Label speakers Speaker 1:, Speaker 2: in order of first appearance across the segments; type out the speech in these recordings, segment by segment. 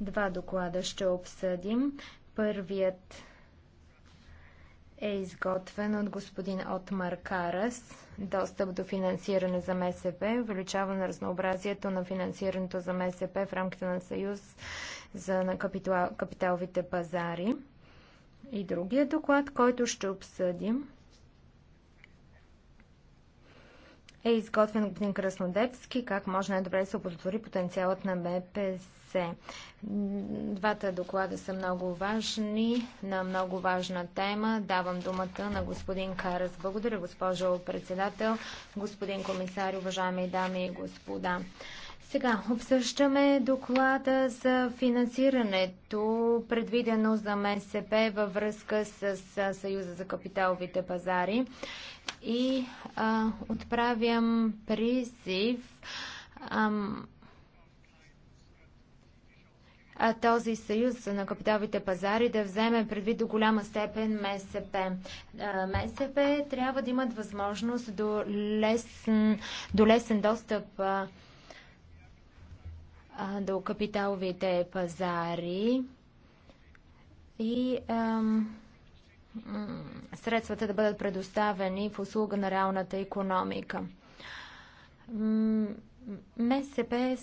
Speaker 1: Два доклада ще обсъдим. Първият е изготвен от господин Отмар Карас. Достъп до финансиране за МСП, увеличаване на разнообразието на финансирането за МСП в рамките на Съюз за на капитал, капиталовите пазари. И другия доклад, който ще обсъдим, е изготвен от господин Краснодепски, как може най-добре да се оплодотвори потенциалът на БПС. Двата доклада са много важни, на много важна тема. Давам думата на господин Карас. Благодаря, госпожо председател, господин комисар, уважаеми дами и господа. Сега обсъждаме доклада за финансирането, предвидено за МСП във връзка с Съюза за капиталовите пазари и а, отправям призив а, а този съюз на капиталовите пазари да вземе предвид до голяма степен МСП. МСП трябва да имат възможност до лесен, до лесен достъп а, до капиталовите пазари и а, средствата да бъдат предоставени в услуга на реалната економика. МСП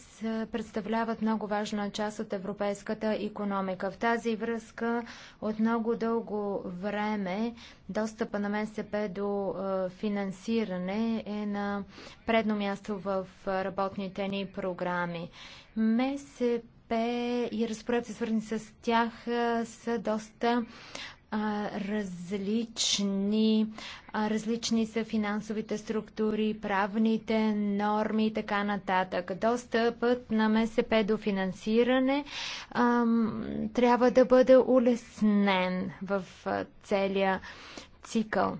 Speaker 1: представляват много важна част от европейската економика. В тази връзка от много дълго време достъпа на МСП до финансиране е на предно място в работните ни програми. МСП и разпоредбите свързани с тях са доста различни, различни са финансовите структури, правните норми и така нататък. Достъпът на МСП до финансиране трябва да бъде улеснен в целия цикъл.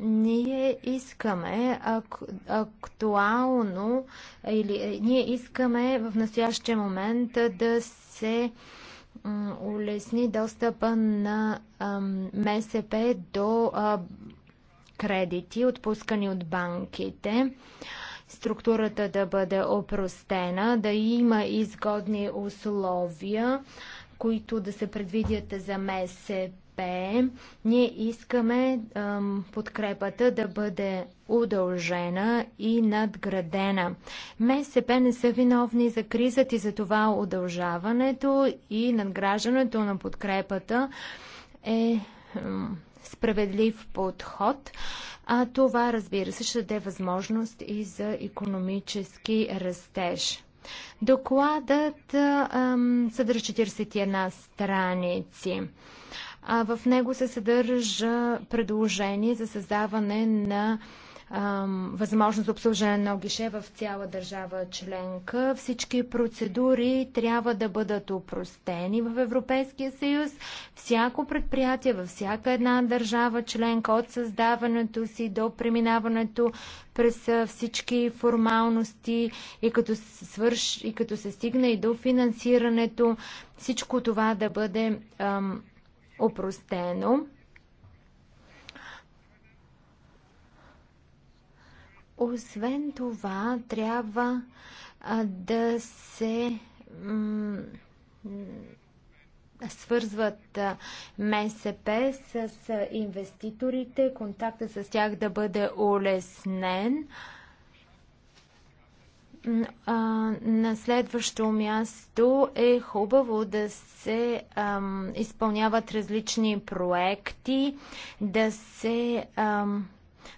Speaker 1: Ние искаме ак, актуално или ние искаме в настоящия момент да се улесни достъпа на ам, МСП до а, кредити, отпускани от банките структурата да бъде опростена, да има изгодни условия, които да се предвидят за МСП успеем, ние искаме ъм, подкрепата да бъде удължена и надградена. МСП не са виновни за кризата и за това удължаването и надграждането на подкрепата е ъм, справедлив подход. А това, разбира се, ще даде възможност и за економически растеж. Докладът ам, съдържа 41 страници. А в него се съдържа предложение за създаване на възможност за обслужване на гише в цяла държава членка. Всички процедури трябва да бъдат упростени в Европейския съюз. Всяко предприятие във всяка една държава членка от създаването си до преминаването през всички формалности и като, свърш, и като се стигне и до финансирането, всичко това да бъде ам, опростено. Освен това, трябва а, да се свързват МСП с инвеститорите, контакта с тях да бъде улеснен. А, на следващо място е хубаво да се а, изпълняват различни проекти, да се а,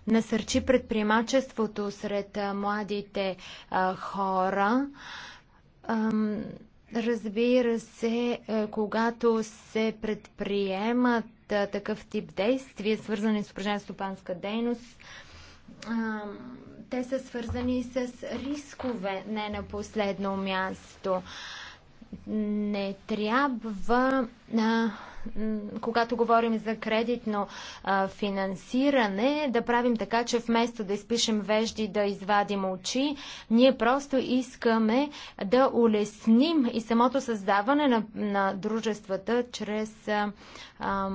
Speaker 1: насърчи предприемачеството сред а, младите а, хора. А, разбира се, а, когато се предприемат а, такъв тип действия, свързани с упражнена стопанска дейност, а, те са свързани с рискове, не на последно място не трябва, а, когато говорим за кредитно а, финансиране, да правим така, че вместо да изпишем вежди, да извадим очи, ние просто искаме да улесним и самото създаване на, на дружествата чрез а, а,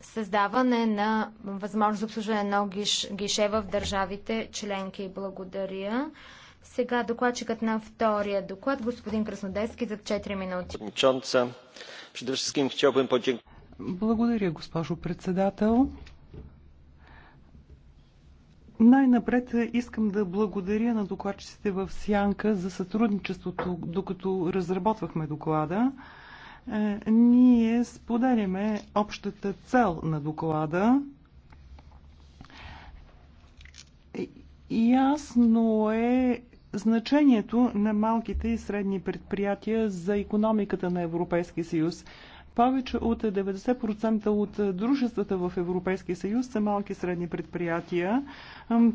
Speaker 1: създаване на възможност за обслужване на гише в държавите членки. Благодаря. Сега докладчикът на втория доклад, господин Краснодески, за 4 минути.
Speaker 2: Благодаря, госпожо председател. Най-напред искам да благодаря на докладчиците в Сянка за сътрудничеството, докато разработвахме доклада. Е, ние споделяме общата цел на доклада. Е, ясно е, значението на малките и средни предприятия за економиката на Европейския съюз – повече от 90% от дружествата в Европейския съюз са малки и средни предприятия.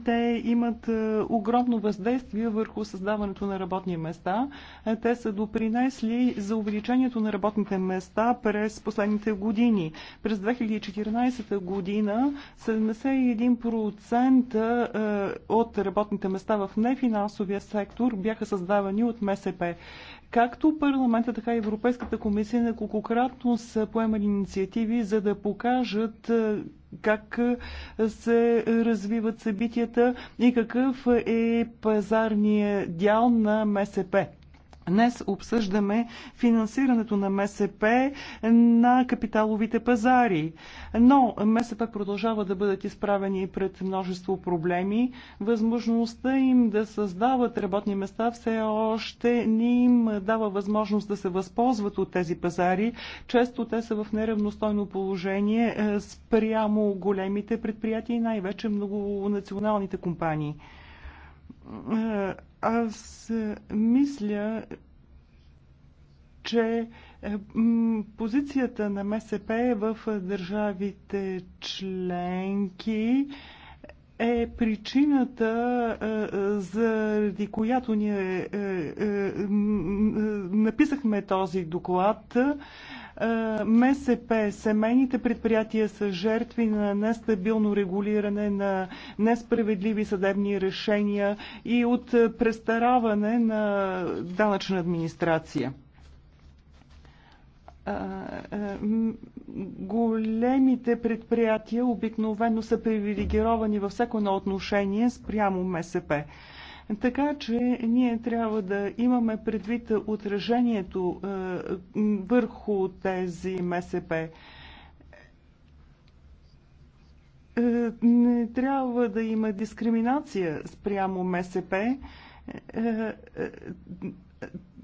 Speaker 2: Те имат е, огромно въздействие върху създаването на работни места. Е, те са допринесли за увеличението на работните места през последните години. През 2014 година 71% е, от работните места в нефинансовия сектор бяха създавани от МСП. Както парламента, така и Европейската комисия неколкократно са поемали инициативи, за да покажат е, как е, се развиват събитията и какъв е пазарния дял на МСП. Днес обсъждаме финансирането на МСП на капиталовите пазари. Но МСП продължава да бъдат изправени пред множество проблеми. Възможността им да създават работни места все още не им дава възможност да се възползват от тези пазари. Често те са в неравностойно положение е, спрямо големите предприятия и най-вече многонационалните компании. Аз мисля, че е, позицията на МСП е в държавите членки е причината, е, е, заради която ние е, написахме този доклад. МСП, семейните предприятия са жертви на нестабилно регулиране, на несправедливи съдебни решения и от престараване на данъчна администрация големите предприятия обикновено са привилегировани във всяко на отношение спрямо МСП. Така че ние трябва да имаме предвид отражението върху тези МСП. Не трябва да има дискриминация спрямо МСП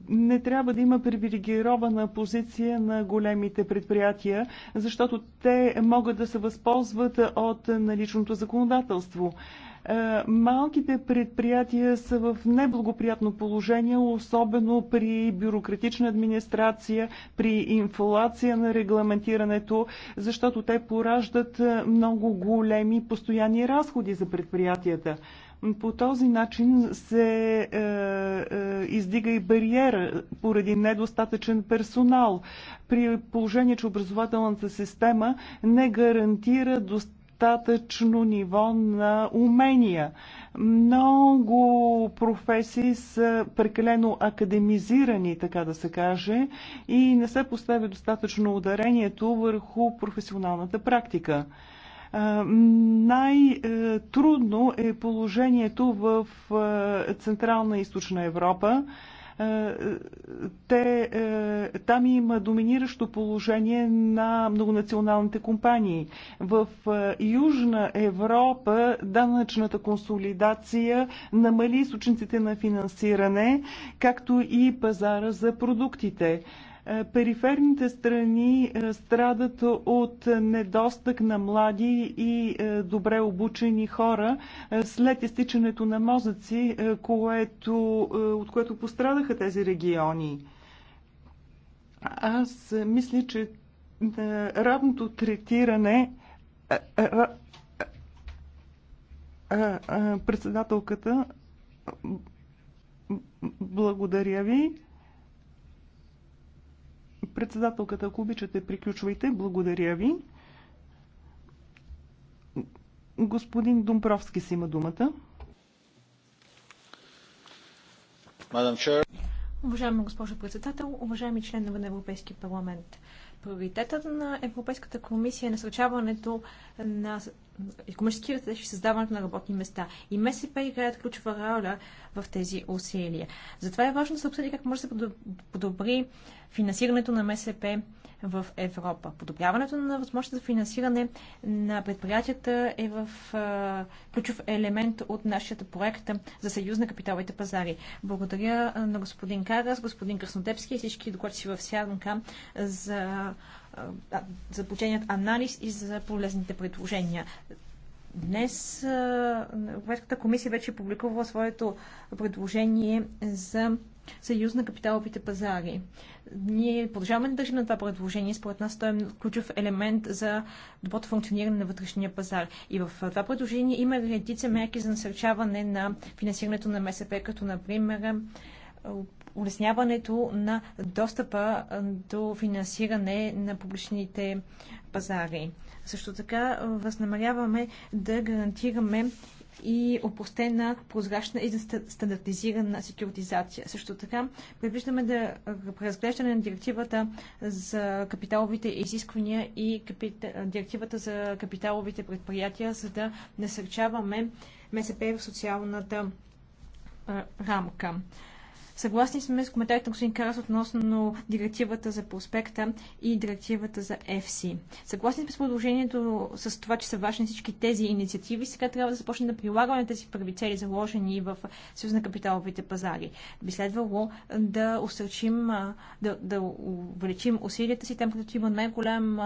Speaker 2: не трябва да има привилегирована позиция на големите предприятия, защото те могат да се възползват от наличното законодателство. Е, малките предприятия са в неблагоприятно положение, особено при бюрократична администрация, при инфлация на регламентирането, защото те пораждат много големи постоянни разходи за предприятията. По този начин се е, е, издига и бариера поради недостатъчен персонал, при положение, че образователната система не гарантира достатъчно достатъчно ниво на умения. Много професии са прекалено академизирани, така да се каже, и не се поставя достатъчно ударението върху професионалната практика. Най-трудно е положението в Централна и Източна Европа те, там има доминиращо положение на многонационалните компании. В Южна Европа данъчната консолидация намали източниците на финансиране, както и пазара за продуктите. Е, периферните страни е, страдат от недостъг на млади и е, добре обучени хора след изтичането на мозъци, което, от което пострадаха тези региони. Аз мисля, че равното третиране председателката благодаря ви. Председателката, ако обичате, приключвайте. Благодаря ви. Господин Думпровски си има думата.
Speaker 3: Мадам Чер. Уважаема госпожо председател, уважаеми членове на Европейския парламент. Приоритетът на Европейската комисия е насърчаването на економически растеж и създаването на работни места. И МСП играят ключова роля в тези усилия. Затова е важно да се обсъди как може да се подобри финансирането на МСП в Европа. Подобряването на възможността за финансиране на предприятията е в ключов елемент от нашата проект за съюз на капиталовите пазари. Благодаря на господин Карас, господин Краснодепски и всички докладчици в Сярнка, за за полученият анализ и за полезните предложения. Днес Европейската комисия вече е публикувала своето предложение за съюз на капиталовите пазари. Ние продължаваме да държим на това предложение. Според нас той е ключов елемент за доброто функциониране на вътрешния пазар. И в това предложение има редица мерки за насърчаване на финансирането на МСП, като например е, улесняването на достъпа е, до финансиране на публичните пазари. Също така е, възнамеряваме да гарантираме и опростена, прозрачна и стандартизирана секюритизация. Също така предвиждаме да преразглеждане на директивата за капиталовите изисквания и капита... директивата за капиталовите предприятия, за да насърчаваме МСП в социалната рамка. Съгласни сме с коментарите на господин Карас относно директивата за проспекта и директивата за FC. Съгласни сме с продължението с това, че са важни всички тези инициативи. Сега трябва да започне да прилагаме тези първи цели, заложени в Съюз на капиталовите пазари. Би следвало да усърчим, да, да увеличим усилията си там, където има най-голям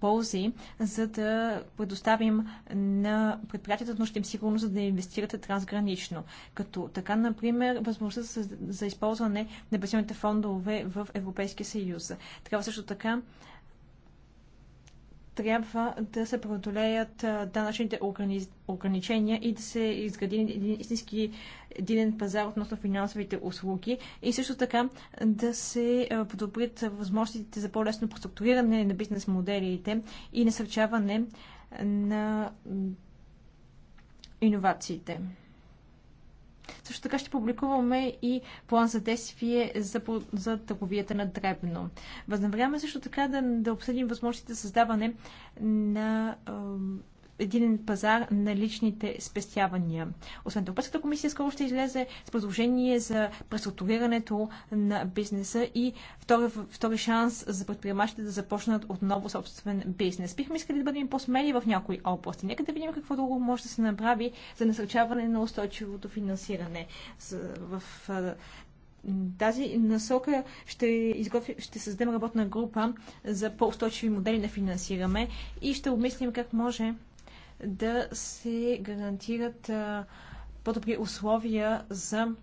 Speaker 3: ползи, за да предоставим на предприятията нужда им сигурност, за да инвестират трансгранично. Като така, например, възможността за използване на пенсионните фондове в Европейския съюз. Трябва също така трябва да се преодолеят данъчните органи... ограничения и да се изгради един истински единен пазар относно финансовите услуги и също така да се подобрят възможностите за по-лесно проструктуриране на бизнес моделите и насърчаване на иновациите. Също така ще публикуваме и план за действие за, за търговията на Дребно. Възнамеряваме също така да, да обсъдим възможностите за създаване на един пазар на личните спестявания. Освен Европейската комисия скоро ще излезе с предложение за преструктурирането на бизнеса и втори, втори шанс за предприемачите да започнат отново собствен бизнес. Бихме искали да бъдем по-смели в някои области. Нека да видим какво друго може да се направи за насърчаване на устойчивото финансиране. В тази насока ще, изготви, ще създадем работна група за по-устойчиви модели на финансиране и ще обмислим как може да се гарантират по-добри условия за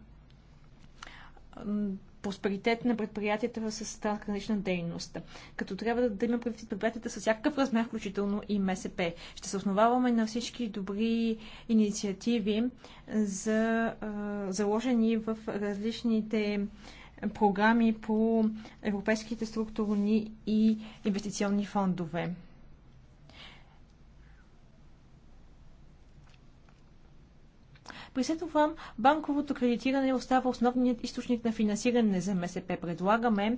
Speaker 3: просперитет на предприятията с трансгранична дейност. Като трябва да, има предвид предприятията с всякакъв размер, включително и МСП. Ще се основаваме на всички добри инициативи, за, заложени в различните програми по европейските структурни и инвестиционни фондове. При след това банковото кредитиране остава основният източник на финансиране за МСП. Предлагаме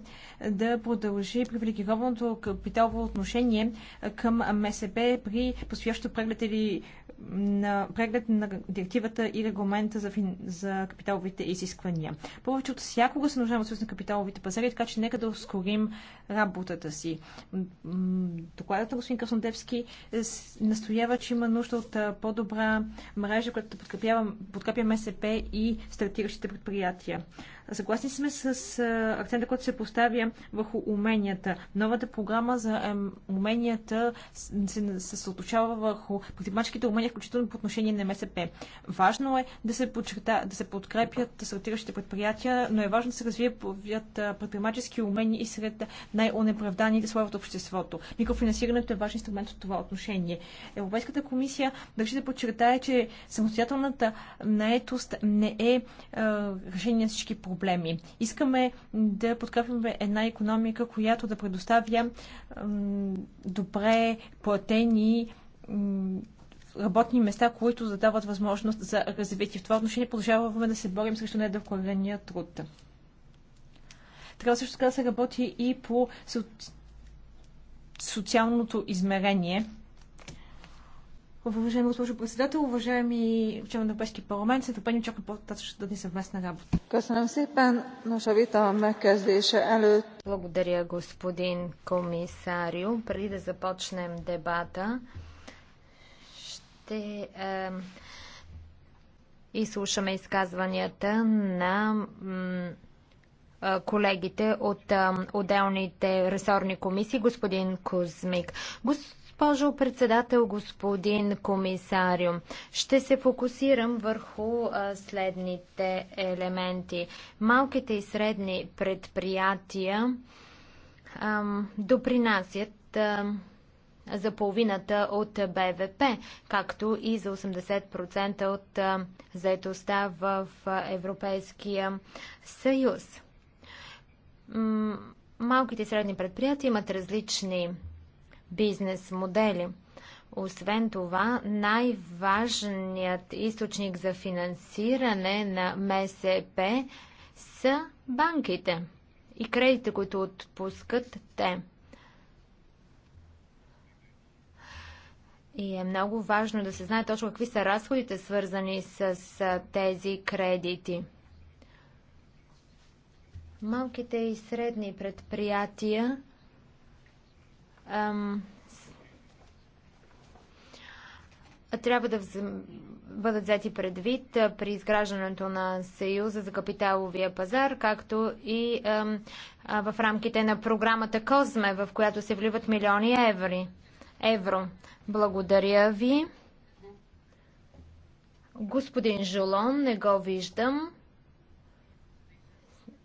Speaker 3: да продължи привилегированото капиталово отношение към МСП при постоящо преглед или на преглед на директивата и регламента за, фин... за капиталовите изисквания. Повече от всякога се нуждаем от на капиталовите пазари, така че нека да ускорим работата си. Докладът на господин Краснодевски настоява, че има нужда от по-добра мрежа, която да подкрепява подкрепя МСП и стартиращите предприятия. Съгласни сме с акцента, който се поставя върху уменията. Новата програма за уменията се съсредоточава върху предприемаческите умения, включително по отношение на МСП. Важно е да се, подчерта, да се подкрепят стартиращите предприятия, но е важно да се развият предприемачески умения и сред най-онеправданите слои от обществото. Микрофинансирането е важен инструмент от това отношение. Европейската комисия държи да подчертае, че самостоятелната наетост не е, е решение на всички проблеми проблеми. Искаме да подкрепяме една економика, която да предоставя добре платени работни места, които задават възможност за развитие. В това отношение продължаваме да се борим срещу недоклонения труд. Трябва също така да се работи и по социалното измерение. Уважаема госпожо председател, уважаеми членове на Европейския парламент, се опени очаквам по да ни съвместна работа. Благодаря, господин
Speaker 1: комисарио. Преди да започнем дебата, ще е, изслушаме изказванията на колегите от отделните ресорни комисии, господин Кузмик. Гос... Госпожо председател, господин комисарио, ще се фокусирам върху следните елементи. Малките и средни предприятия допринасят за половината от БВП, както и за 80% от заетостта в Европейския съюз. Малките и средни предприятия имат различни бизнес модели. Освен това, най-важният източник за финансиране на МСП са банките и кредите, които отпускат те. И е много важно да се знае точно какви са разходите, свързани с тези кредити. Малките и средни предприятия ам, трябва да бъдат взети предвид при изграждането на Съюза за капиталовия пазар, както и ам, а, в рамките на програмата Козме, в която се вливат милиони евро. евро. Благодаря ви. Господин Жолон, не го виждам.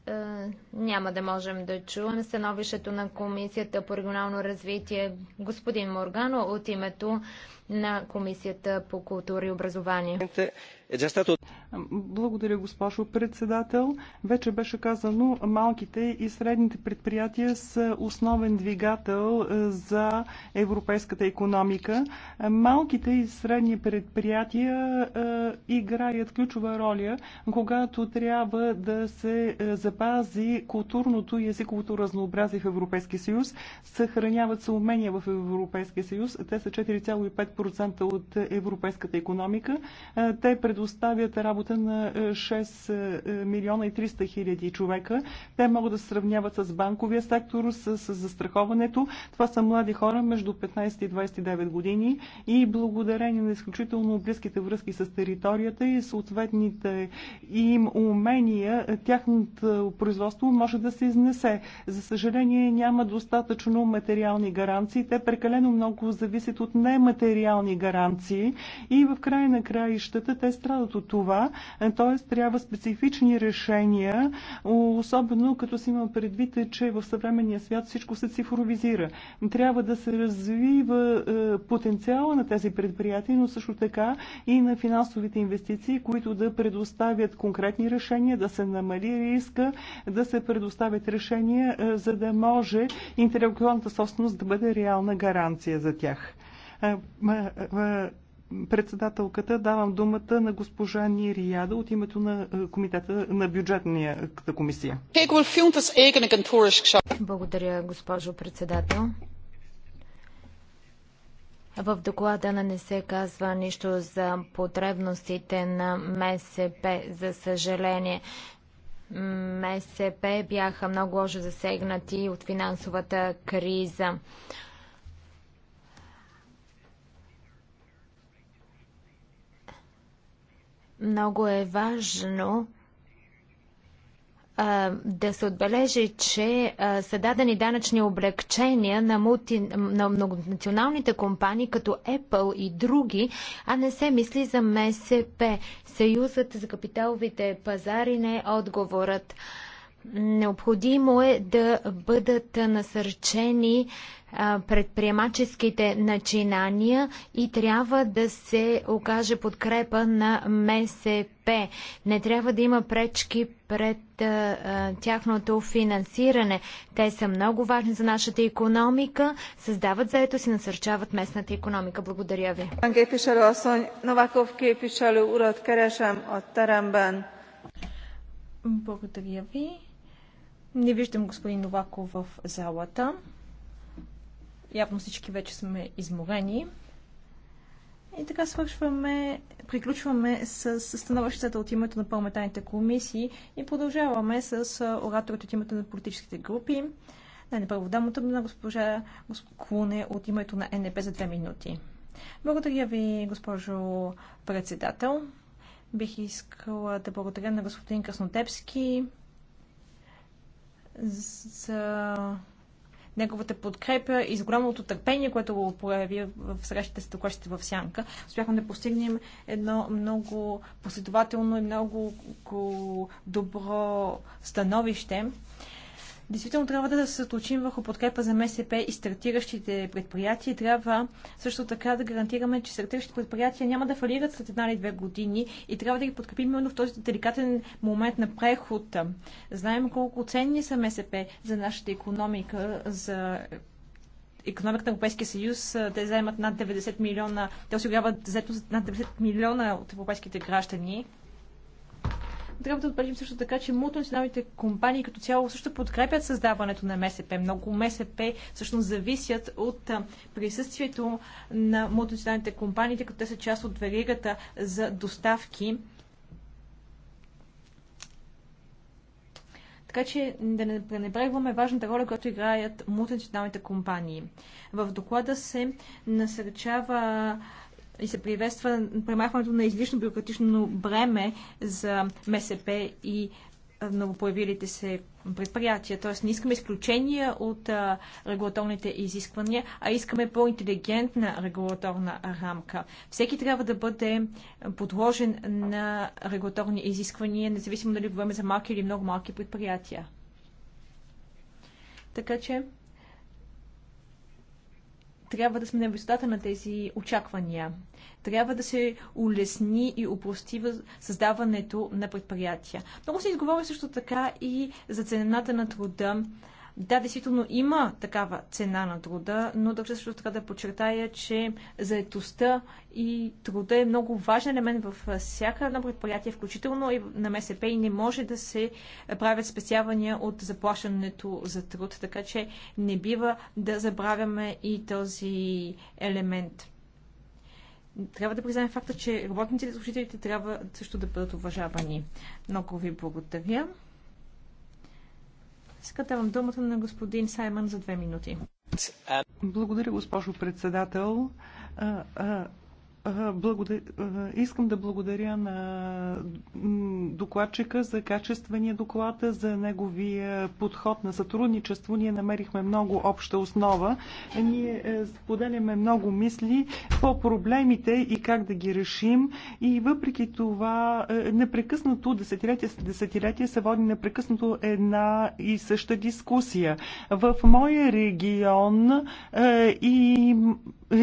Speaker 1: Е, няма да можем да чуем становището на Комисията по регионално развитие господин Моргано от името на Комисията по
Speaker 2: култура и образование. Е Благодаря, госпожо председател. Вече беше казано, малките и средните предприятия са основен двигател е, за европейската економика. Малките и средни предприятия е, играят ключова роля, когато трябва да се запази културното и езиковото разнообразие в Европейския съюз. Съхраняват се умения в Европейския съюз. Те са 4,5% от европейската економика. Те пред предоставят работа на 6 е, е, е, милиона и 300 хиляди човека. Те могат да се сравняват с банковия сектор, с, с застраховането. Това са млади хора между 15 и 29 години и благодарение на изключително близките връзки с територията и съответните им умения, тяхното производство може да се изнесе. За съжаление няма достатъчно материални гаранции. Те прекалено много зависят от нематериални гаранции и в края на краищата те пострадат от това, т.е. трябва специфични решения, особено като си има предвид, че в съвременния свят всичко се цифровизира. Трябва да се развива е, потенциала на тези предприятия, но също така и на финансовите инвестиции, които да предоставят конкретни решения, да се намали риска, да се предоставят решения, е, за да може интелектуалната собственост да бъде реална гаранция за тях. Е, председателката, давам думата на госпожа Нирияда от името на е, комитета на бюджетната комисия.
Speaker 1: Благодаря, госпожо председател. В доклада не се казва нищо за потребностите на МСП, за съжаление. МСП бяха много лошо засегнати от финансовата криза. Много е важно а, да се отбележи, че а, са дадени данъчни облегчения на, мулти, на многонационалните компании като Apple и други, а не се мисли за МСП. Съюзът за капиталовите пазари не е отговорът. Необходимо е да бъдат насърчени предприемаческите начинания и трябва да се окаже подкрепа на МСП. Не трябва да има пречки пред а, тяхното финансиране. Те са много важни за нашата економика,
Speaker 3: създават заето си, насърчават местната економика. Благодаря ви. Благодаря ви. Не виждам господин Новаков в залата. Явно всички вече сме изморени. И така свършваме, приключваме с, становищата от името на парламентарните комисии и продължаваме с ораторите от името на политическите групи. най не първо дамата на госпожа Клуне от името на НП за две минути. Благодаря ви, госпожо председател. Бих искала да благодаря на господин Краснотепски за неговата подкрепа и за голямото търпение, което го прояви в срещите с докладчите в Сянка. Успяхме да постигнем едно много последователно и много добро становище. Действително трябва да се съточим върху подкрепа за МСП и стартиращите предприятия. Трябва също така да гарантираме, че стартиращите предприятия няма да фалират след една или две години и трябва да ги подкрепим именно в този деликатен момент на преход. Знаем колко ценни са МСП за нашата економика, за економиката на Европейския съюз, те заемат над 90 милиона, те осигуряват заето над 90 милиона от европейските граждани. Трябва да отбележим също така, че мултинационалните компании като цяло също подкрепят създаването на МСП. Много МСП всъщност зависят от присъствието на мултинационалните компании, като те са част от веригата за доставки. Така че да не пренебрегваме важната роля, която играят мултинационалните компании. В доклада се насърчава и се приветства премахването на излишно бюрократично бреме за МСП и новопоявилите се предприятия. Т.е. не искаме изключения от а, регулаторните изисквания, а искаме по-интелигентна регулаторна рамка. Всеки трябва да бъде подложен на регулаторни изисквания, независимо дали говорим за малки или много малки предприятия. Така че трябва да сме на висотата на тези очаквания. Трябва да се улесни и упрости създаването на предприятия. Много се изговори също така и за цената на труда да, действително има такава цена на труда, но държа също така да подчертая, че заетостта и труда е много важен елемент в всяка една предприятие, включително и на МСП и не може да се правят спесявания от заплащането за труд, така че не бива да забравяме и този елемент. Трябва да признаем факта, че работниците и служителите трябва също да бъдат уважавани. Много ви благодаря. Сега давам думата на господин Саймън за две минути.
Speaker 2: Благодаря, госпожо председател. Благодар... Искам да благодаря на докладчика за качествения доклад, за неговия подход на сътрудничество. Ние намерихме много обща основа. Ние е, споделяме много мисли по проблемите и как да ги решим. И въпреки това, е, непрекъснато, десетилетие след се води непрекъснато една и съща дискусия. В моя регион е, и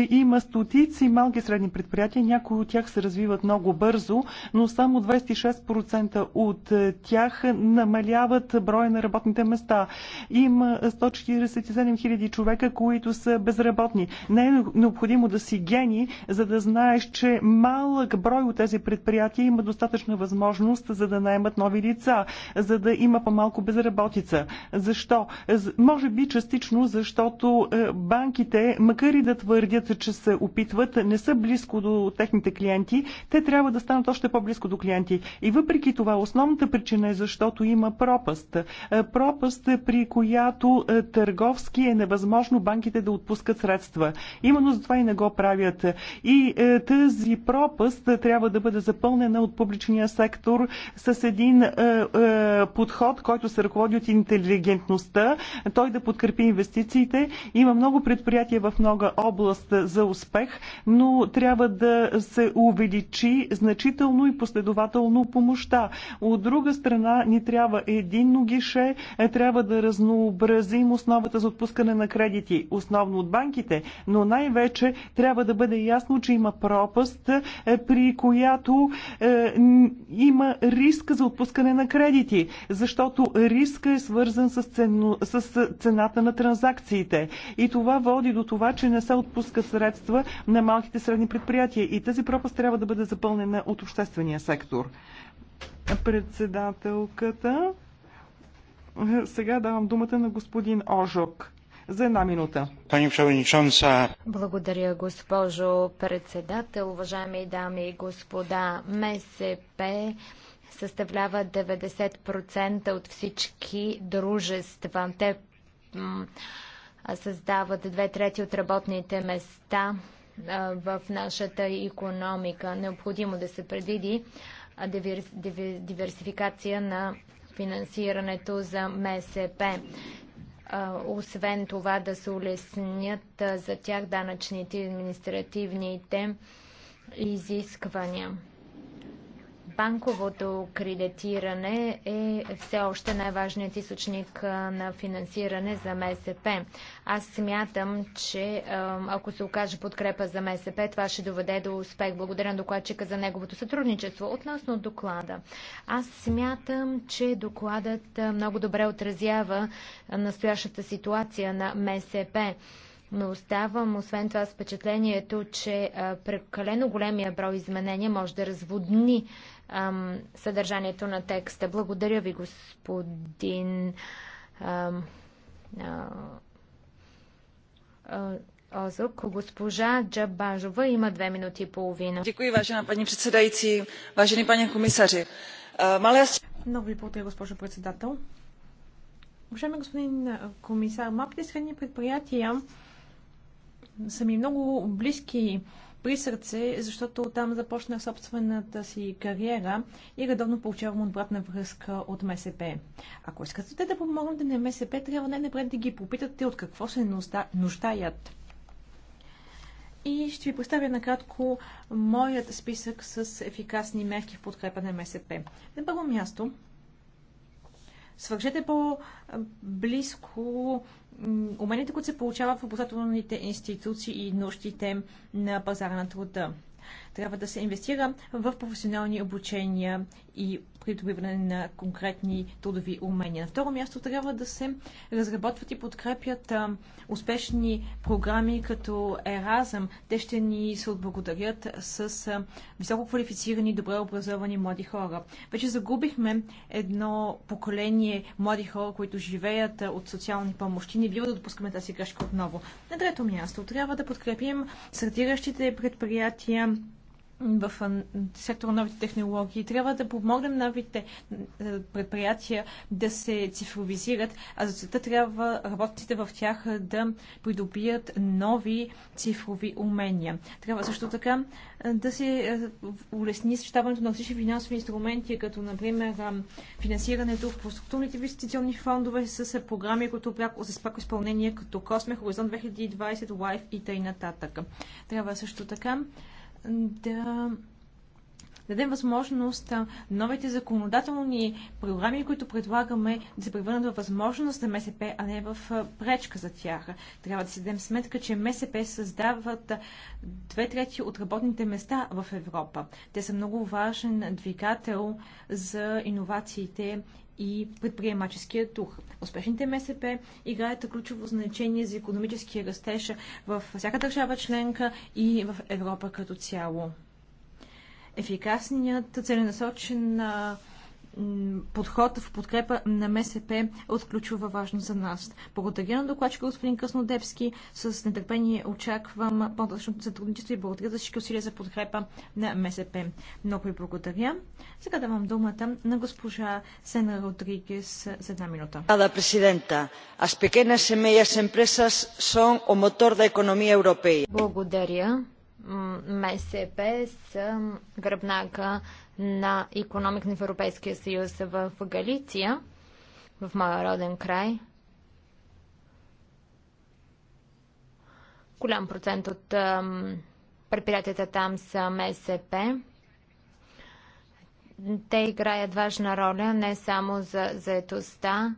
Speaker 2: има стотици малки и средни предприятия, някои от тях се развиват много бързо, но само 26% от тях намаляват броя на работните места. Има 147 хиляди човека, които са безработни. Не е необходимо да си гени, за да знаеш, че малък брой от тези предприятия има достатъчна възможност за да наемат нови лица, за да има по-малко безработица. Защо? Може би частично, защото е, банките, макар и да твърдят, твърдят, че се опитват, не са близко до техните клиенти, те трябва да станат още по-близко до клиенти. И въпреки това, основната причина е защото има пропаст. Е, пропаст, при която е, търговски е невъзможно банките да отпускат средства. Именно затова и не го правят. И е, тази пропаст трябва да бъде запълнена от публичния сектор с един подход, който се ръководи от интелигентността, той да подкрепи инвестициите. Има много предприятия в много област възможност за успех, но трябва да се увеличи значително и последователно помощта. От друга страна ни трябва единно гише, е, трябва да разнообразим основата за отпускане на кредити, основно от банките, но най-вече трябва да бъде ясно, че има пропаст, е, при която е, има риск за отпускане на кредити, защото риска е свързан с, ценно, с цената на транзакциите. И това води до това, че не се отпуска иска средства на малките средни предприятия и тази пропаст трябва да бъде запълнена от обществения сектор. Председателката. Сега давам думата на господин Ожок за една минута.
Speaker 1: Благодаря, госпожо председател. Уважаеми дами и господа, МСП съставлява 90% от всички дружества. Те създават две трети от работните места в нашата економика. Необходимо да се предвиди диверсификация на финансирането за МСП. Освен това да се улеснят за тях данъчните и административните изисквания. Банковото кредитиране е все още най-важният източник на финансиране за МСП. Аз смятам, че ако се окаже подкрепа за МСП, това ще доведе до успех. Благодаря на докладчика за неговото сътрудничество. Относно доклада, аз смятам, че докладът много добре отразява настоящата ситуация на МСП но оставам освен това с впечатлението, че прекалено големия брой изменения може да разводни ам, съдържанието на текста. Благодаря ви, господин ам, а,
Speaker 3: а, Госпожа Джабажова има две минути и половина. Děkuji, vážená paní předsedající, vážený pane komisaři. Мале... Много ви благодаря, госпожо председател. Уважаеми господин комисар, малките средни предприятия са ми много близки при сърце, защото там започнах собствената си кариера и редовно получавам обратна връзка от МСП. Ако искате да помогнете на МСП, трябва най-напред да ги попитате от какво се нуждаят. И ще ви представя накратко моят списък с ефикасни мерки в подкрепа на МСП. На първо място свържете по-близко уменията, които се получават в образователните институции и нуждите на пазара на труда. Трябва да се инвестира в професионални обучения и придобиване на конкретни трудови умения. На второ място трябва да се разработват и подкрепят а, успешни програми като Еразъм. Те ще ни се отблагодарят с а, високо квалифицирани, добре образовани млади хора. Вече загубихме едно поколение млади хора, които живеят а, от социални помощи. Не бива да допускаме тази грешка отново. На трето място трябва да подкрепим стартиращите предприятия в сектора на новите технологии. Трябва да помогнем новите предприятия да се цифровизират, а за целта трябва работниците в тях да придобият нови цифрови умения. Трябва също така да се улесни съществуването на различни финансови инструменти, като например финансирането в структурните инвестиционни фондове с програми, които пряко за спак изпълнение като Косме, Хоризонт 2020, Life и т.н. Трябва също така да дадем възможност новите законодателни програми, които предлагаме, да се превърнат в възможност за МСП, а не в пречка за тях. Трябва да си дадем сметка, че МСП създават две трети от работните места в Европа. Те са много важен двигател за иновациите и предприемаческия дух. Успешните МСП играят ключово значение за економическия растеж в всяка държава членка и в Европа като цяло. Ефикасният целенасочен подход в подкрепа на МСП е от ключова важност за нас. Благодаря на докладчика господин Къснодевски. С нетърпение очаквам по дължното сътрудничество и благодаря за всички усилия за подкрепа на МСП. Много ви благодаря. Сега давам думата на госпожа Сена Родригес за една минута. Ада президента, аз pequeñas y medias empresas son o motor da economía europea. Благодаря.
Speaker 1: МСП с гръбнака на економик на Европейския съюз в Галиция, в моя роден край. Голям процент от предприятията там са МСП. Те играят важна роля не само за заетостта,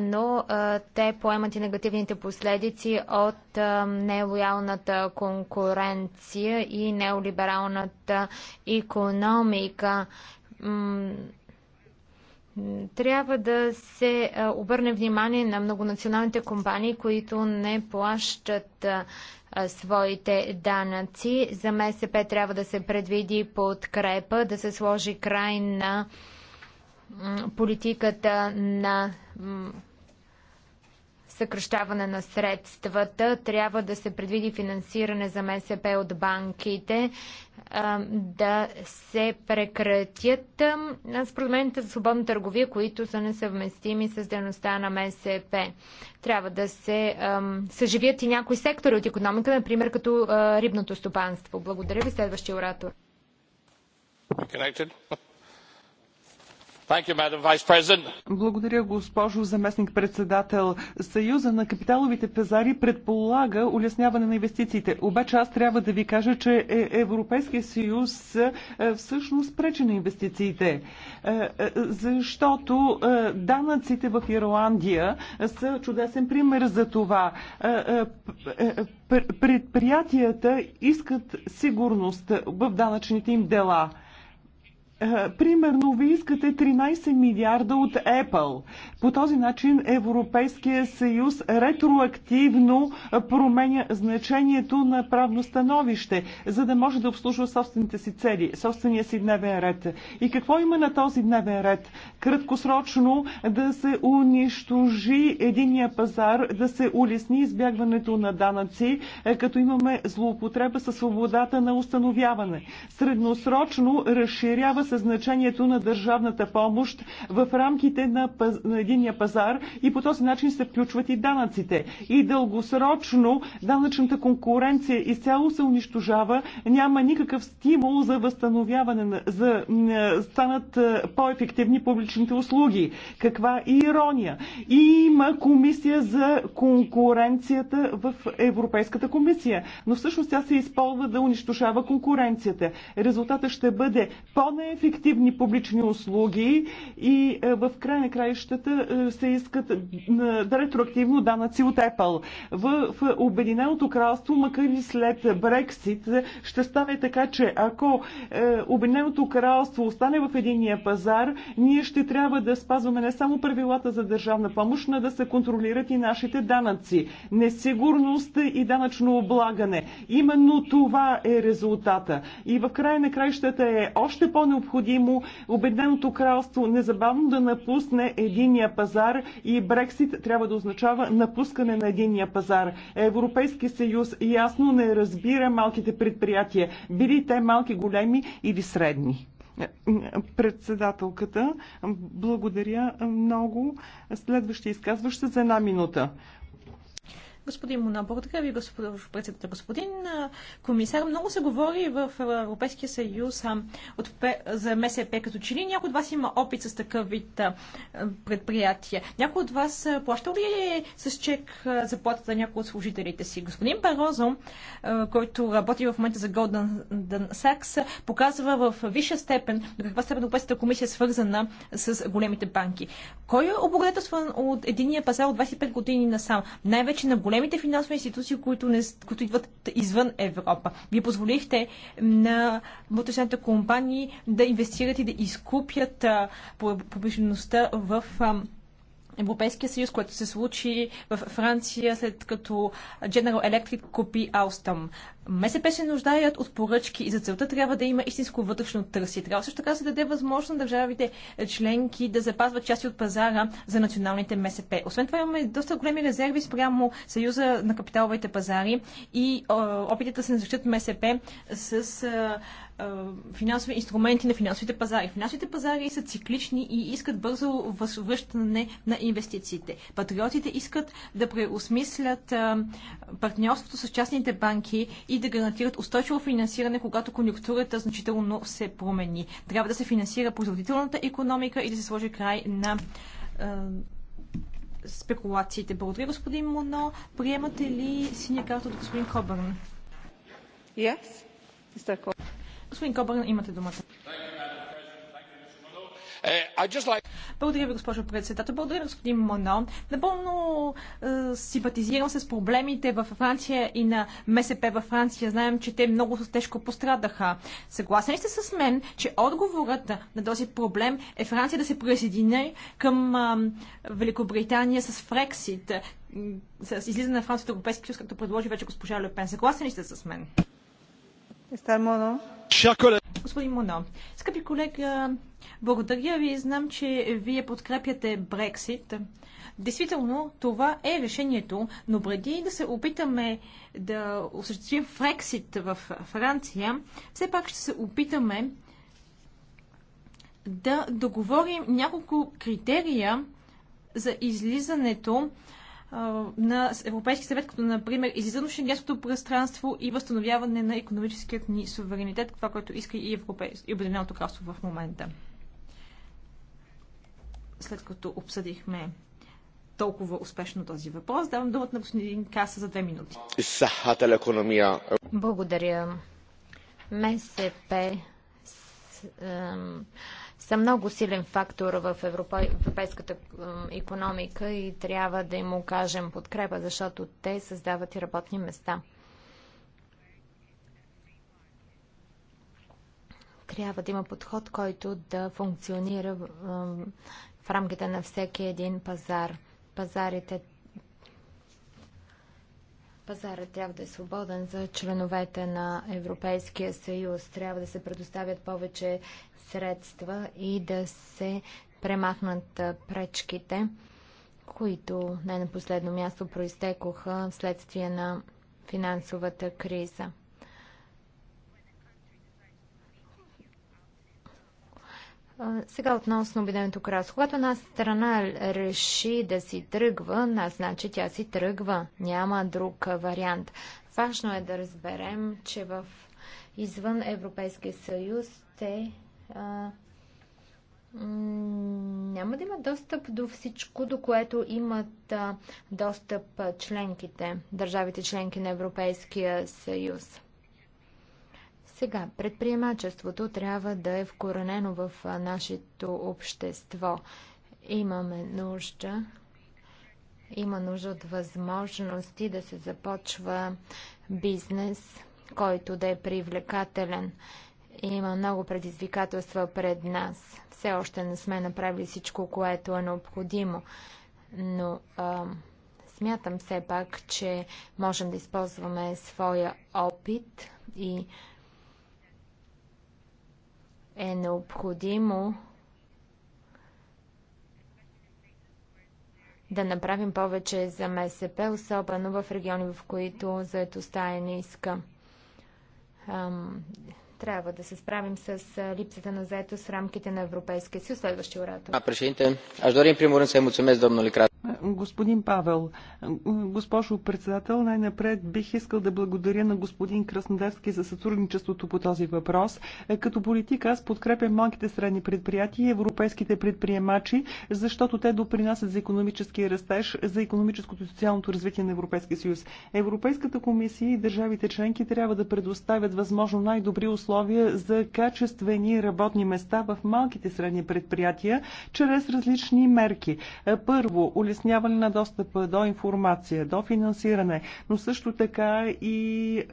Speaker 1: но а, те поемат и негативните последици от а, нелоялната конкуренция и неолибералната економика. М трябва да се обърне внимание на многонационалните компании, които не плащат своите данъци. За МСП трябва да се предвиди подкрепа, да се сложи край на политиката на съкръщаване на средствата. Трябва да се предвиди финансиране за МСП от банките, да се прекратят спроменията за свободна търговия, които са несъвместими с дейността на МСП. Трябва да се съживят и някои сектори от економика, например като рибното стопанство. Благодаря ви, следващия оратор.
Speaker 3: Connected.
Speaker 2: Благодаря, госпожо заместник-председател. Съюза на капиталовите пазари предполага улесняване на инвестициите. Обаче аз трябва да ви кажа, че е Европейския съюз е, всъщност пречи на инвестициите. Е, защото данъците в Ирландия са чудесен пример за това. Предприятията искат сигурност в данъчните им дела. Е, примерно, ви искате 13 милиарда от Apple. По този начин Европейския съюз ретроактивно променя значението на правно становище, за да може да обслужва собствените си цели, собствения си дневен ред. И какво има на този дневен ред? Краткосрочно да се унищожи единия пазар, да се улесни избягването на данъци, е, като имаме злоупотреба със свободата на установяване. Средносрочно разширява със значението на държавната помощ в рамките на, паз... на единия пазар и по този начин се включват и данъците. И дългосрочно данъчната конкуренция изцяло се унищожава, няма никакъв стимул за възстановяване, на... за станат по-ефективни публичните услуги. Каква и ирония! И има комисия за конкуренцията в Европейската комисия, но всъщност тя се използва да унищожава конкуренцията. Резултатът ще бъде по-неефективно ефективни публични услуги и е, в край на краищата е, се искат е, да ретроактивно данъци от Apple. В, Обединеното кралство, макар и след Брексит, ще стане така, че ако Обединеното кралство остане в единия пазар, ние ще трябва да спазваме не само правилата за държавна помощ, но да се контролират и нашите данъци. Несигурност и данъчно облагане. Именно това е резултата. И в края на краищата е още по-необходимо необходимо Обединеното кралство незабавно да напусне единия пазар и Брексит трябва да означава напускане на единия пазар. Европейски съюз ясно не разбира малките предприятия, били те малки, големи или средни председателката. Благодаря много. Следващия изказващ за една минута.
Speaker 3: Господин Мона, благодаря ви, госпожо председател. Господин комисар, много се говори в Европейския съюз от, за МСП, като че ли някой от вас има опит с такъв вид предприятия? Някой от вас плащал ли е с чек заплата на някой от служителите си? Господин Барозо, който работи в момента за Goldman Sachs, показва в висша степен до каква степен Европейската комисия е свързана с големите банки. Кой е облагодетелстван от единия пазар от 25 години насам? Най-вече на големите? големите финансови институции, които, не, които идват извън Европа. Вие позволихте на вътрешните компании да инвестират и да изкупят публичността в Европейския съюз, което се случи в Франция, след като General Electric купи Alstom. МСП се нуждаят от поръчки и за целта трябва да има истинско вътрешно търси. Трябва също така се даде възможност на държавите членки да запазват части от пазара за националните МСП. Освен това имаме доста големи резерви спрямо Съюза на капиталовите пазари и опитите да се защитят МСП с финансови инструменти на финансовите пазари. Финансовите пазари са циклични и искат бързо възвръщане на инвестициите. Патриотите искат да преосмислят партньорството с частните банки и да гарантират устойчиво финансиране, когато конъюнктурата значително се промени. Трябва да се финансира производителната економика и да се сложи край на спекулациите. Благодаря, господин Моно. Приемате ли синя карта от господин Кобърн? Yes. Mr. Господин Кобърн, имате думата. Е, Благодаря ви, госпожо председател. Благодаря, господин Моно. Напълно е, симпатизирам се с проблемите във Франция и на МСП във Франция. Знаем, че те много тежко пострадаха. Съгласен ли сте с мен, че отговорът на този проблем е Франция да се присъедини към е, Великобритания с Фрексит, с излизане на Франция от Европейския съюз, както предложи вече госпожа Лепен. Съгласен ли сте с мен? Господин Моно, скъпи колега, благодаря ви. Знам, че вие подкрепяте Брексит. Действително, това е решението, но преди да се опитаме да осъществим Фрексит в Франция, все пак ще се опитаме да договорим няколко критерия за излизането на Европейски съвет, като например излизане на шенгенското пространство и възстановяване на економическият ни суверенитет, това, което иска и, Европейс... и Обединеното кралство в момента. След като обсъдихме толкова успешно този въпрос, давам думата на господин Каса за две минути. Благодаря. МСП
Speaker 1: с, са много силен фактор в европейската економика и трябва да им окажем подкрепа, защото те създават и работни места. Трябва да има подход, който да функционира в рамките на всеки един пазар. Пазарите Пазарът трябва да е свободен за членовете на Европейския съюз. Трябва да се предоставят повече средства и да се премахнат пречките, които не на последно място проистекоха вследствие на финансовата криза. Сега относно Обединеното кралство. Когато една страна реши да си тръгва, на значи тя си тръгва. Няма друг вариант. Важно е да разберем, че в извън Европейския съюз те а, няма да има достъп до всичко, до което имат а, достъп членките, държавите членки на Европейския съюз. Сега, предприемачеството трябва да е вкоренено в а, нашето общество. Имаме нужда, има нужда от възможности да се започва бизнес, който да е привлекателен. Има много предизвикателства пред нас. Все още не сме направили всичко, което е необходимо. Но а, смятам все пак, че можем да използваме своя опит и е необходимо да направим повече за МСП, особено в региони, в които заетостта е ниска. Трябва да се справим с липсата на заетост в рамките на Европейския съюз. Следващия оратор.
Speaker 2: Господин Павел, госпожо председател, най-напред бих искал да благодаря на господин Краснодарски за сътрудничеството по този въпрос. Като политик аз подкрепям малките средни предприятия и европейските предприемачи, защото те допринасят за економическия растеж, за економическото и социалното развитие на Европейския съюз. Европейската комисия и държавите членки трябва да предоставят възможно най-добри условия за качествени работни места в малките средни предприятия чрез различни мерки. Първо, улесняване на достъпа до информация, до финансиране, но също така и е,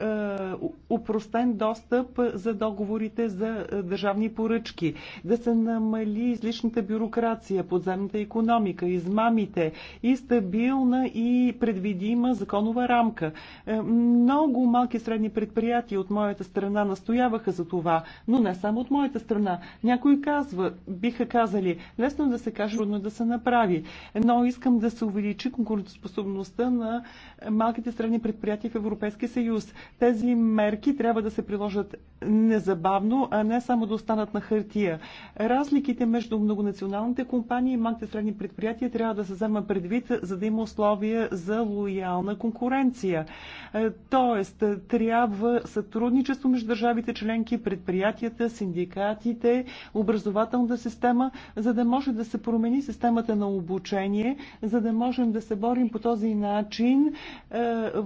Speaker 2: упростен достъп за договорите за е, държавни поръчки, да се намали излишната бюрокрация, подземната економика, измамите и стабилна и предвидима законова рамка. Е, много малки средни предприятия от моята страна настояваха за това, но не само от моята страна. Някои казва, биха казали, лесно да се каже, трудно да се направи. Но иска искам да се увеличи конкурентоспособността на малките средни предприятия в Европейския съюз. Тези мерки трябва да се приложат незабавно, а не само да останат на хартия. Разликите между многонационалните компании и малките средни предприятия трябва да се взема предвид, за да има условия за лоялна конкуренция. Е, тоест, трябва сътрудничество между държавите членки, предприятията, синдикатите, образователната система, за да може да се промени системата на обучение, за да можем да се борим по този начин е,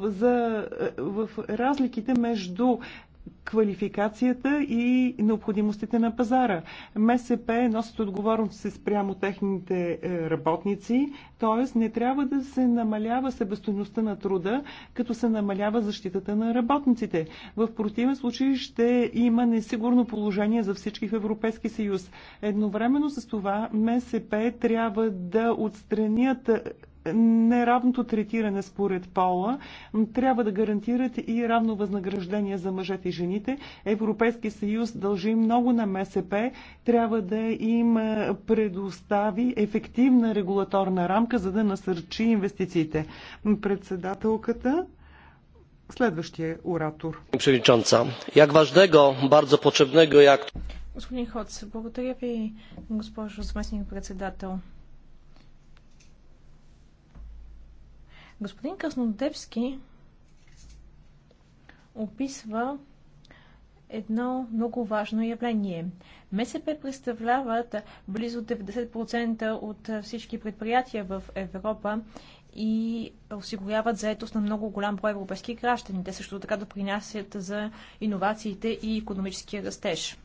Speaker 2: за, е, в разликите между е, квалификацията и необходимостите на пазара. МСП носят отговорност се спрямо техните е, работници, т.е. не трябва да се намалява себестойността на труда, като се намалява защитата на работниците. В противен случай ще има несигурно положение за всички в Европейски съюз. Едновременно с това МСП трябва да отстранят е, неравното третиране според пола трябва да гарантират и равно възнаграждение за мъжете и жените. Европейски съюз дължи много на МСП, трябва да им предостави ефективна регулаторна рамка, за да насърчи инвестициите. Председателката Следващия оратор. Przewodnicząca, jak ważnego, bardzo potrzebnego, як...
Speaker 3: Господин Хоц, благодаря ви, госпожо заместник председател. Господин Краснодепски описва едно много важно явление. МСП представляват близо 90% от всички предприятия в Европа и осигуряват заетост на много голям брой европейски граждани. Те също така допринасят за иновациите и економическия растеж.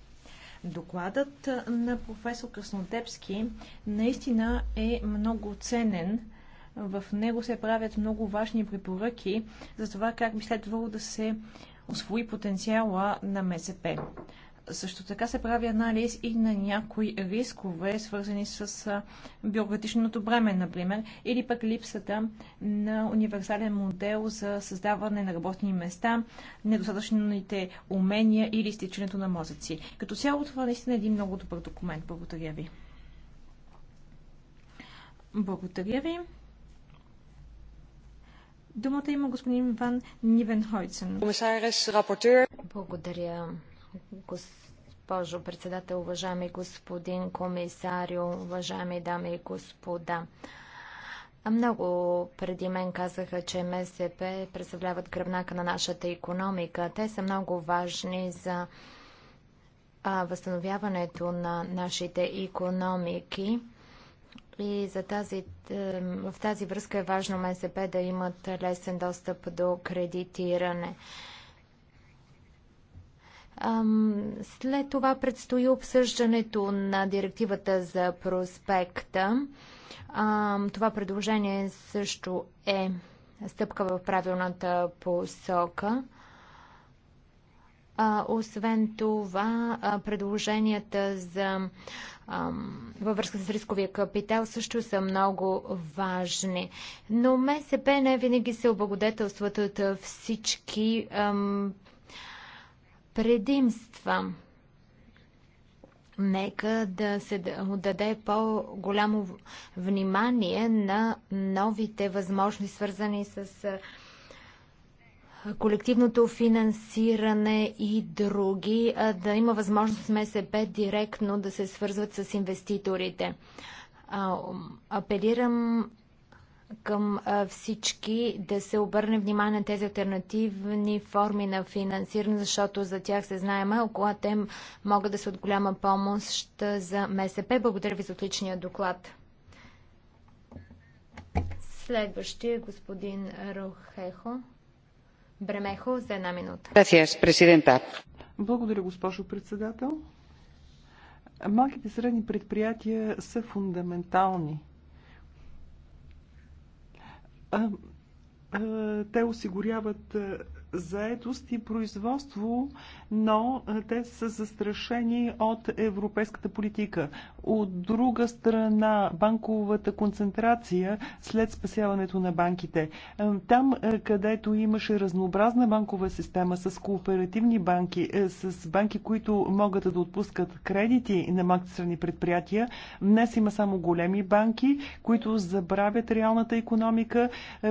Speaker 3: Докладът на професор Краснодепски наистина е много ценен в него се правят много важни препоръки за това как би следвало да се освои потенциала на МСП. Също така се прави анализ и на някои рискове, свързани с бюрократичното бреме, например, или пък липсата на универсален модел за създаване на работни места, недостатъчните умения или изтичането на мозъци. Като цяло това наистина е един много добър документ. Благодаря ви. Благодаря ви. Думата има господин Ван Нивенхойцен.
Speaker 1: Комисарес, рапортер. Благодаря, госпожо председател, уважаеми господин комисарио, уважаеми дами и господа. Много преди мен казаха, че МСП представляват гръбнака на нашата економика. Те са много важни за възстановяването на нашите економики. И за тази, в тази връзка е важно МСП да имат лесен достъп до кредитиране. След това предстои обсъждането на директивата за проспекта. Това предложение също е стъпка в правилната посока. А, освен това, а, предложенията за във връзка с рисковия капитал също са много важни. Но МСП не винаги се облагодетелстват от всички ам, предимства. Нека да се отдаде по-голямо внимание на новите възможности, свързани с а, колективното финансиране и други, да има възможност МСП директно да се свързват с инвеститорите. Апелирам към всички да се обърне внимание на тези альтернативни форми на финансиране, защото за тях се знае малко, а те могат да са от голяма помощ за МСП. Благодаря ви за отличния доклад. Следващия е господин Рохехо.
Speaker 2: Бремехо за една минута. Благодаря, госпожо председател. Малките и средни предприятия са фундаментални. Те осигуряват заедост и производство, но те са застрашени от европейската политика. От друга страна, банковата концентрация след спасяването на банките. Там, където имаше разнообразна банкова система с кооперативни банки, с банки, които могат да отпускат кредити на малки страни предприятия, днес има само големи банки, които забравят реалната економика.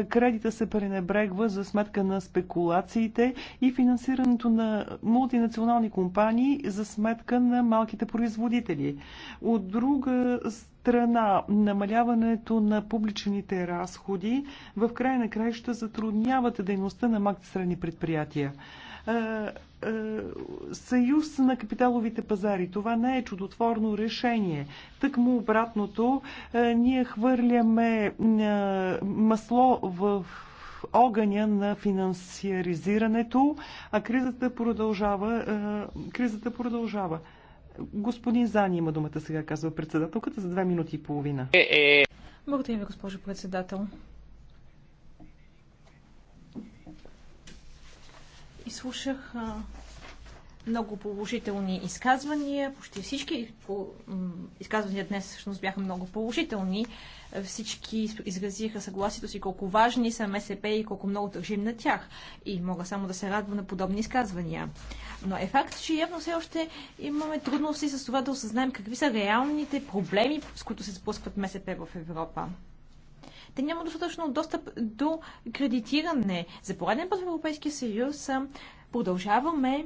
Speaker 2: Кредита се пренебрегва за сметка на спекулация инвестициите и финансирането на мултинационални компании за сметка на малките производители. От друга страна, намаляването на публичните разходи в край на краища затрудняват дейността на малките средни предприятия. Съюз на капиталовите пазари. Това не е чудотворно решение. Тък му обратното, ние хвърляме масло в огъня на финансиаризирането, а кризата продължава. Е, кризата продължава. Господин Зани има думата сега, казва председателката, за две минути и половина.
Speaker 3: Е, е. Благодаря ви, госпожо председател. Изслушах много положителни изказвания. Почти всички изказвания днес всъщност бяха много положителни. Всички изразиха съгласието си колко важни са МСП и колко много държим на тях. И мога само да се радвам на подобни изказвания. Но е факт, че явно все още имаме трудности с това да осъзнаем какви са реалните проблеми, с които се сблъскват МСП в Европа те няма достатъчно достъп до кредитиране. За пореден път в Европейския съюз продължаваме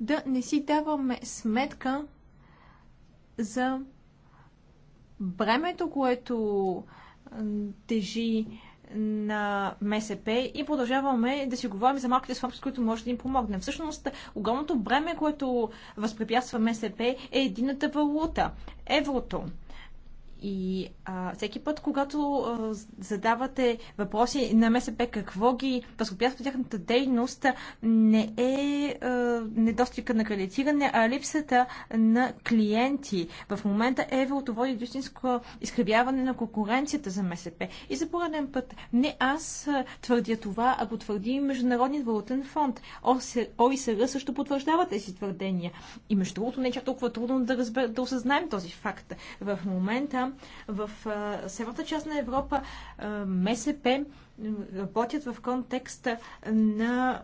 Speaker 3: да не си даваме сметка за бремето, което тежи на МСП и продължаваме да си говорим за малките слабости, които може да им помогнем. Всъщност, огромното бреме, което възпрепятства МСП е едината валута – еврото. И а, всеки път, когато а, задавате въпроси на МСП, какво ги възпрепятства тяхната дейност, не е а, недостига на кредитиране, а липсата на клиенти. В момента еврото води до истинско изкривяване на конкуренцията за МСП. И за пореден път, не аз твърдя това, а го твърди Международният валутен фонд. ОИСР също потвърждава тези твърдения. И между другото, не е чак толкова трудно да, разбер, да осъзнаем този факт. В момента в северната част на Европа МСП работят в контекста на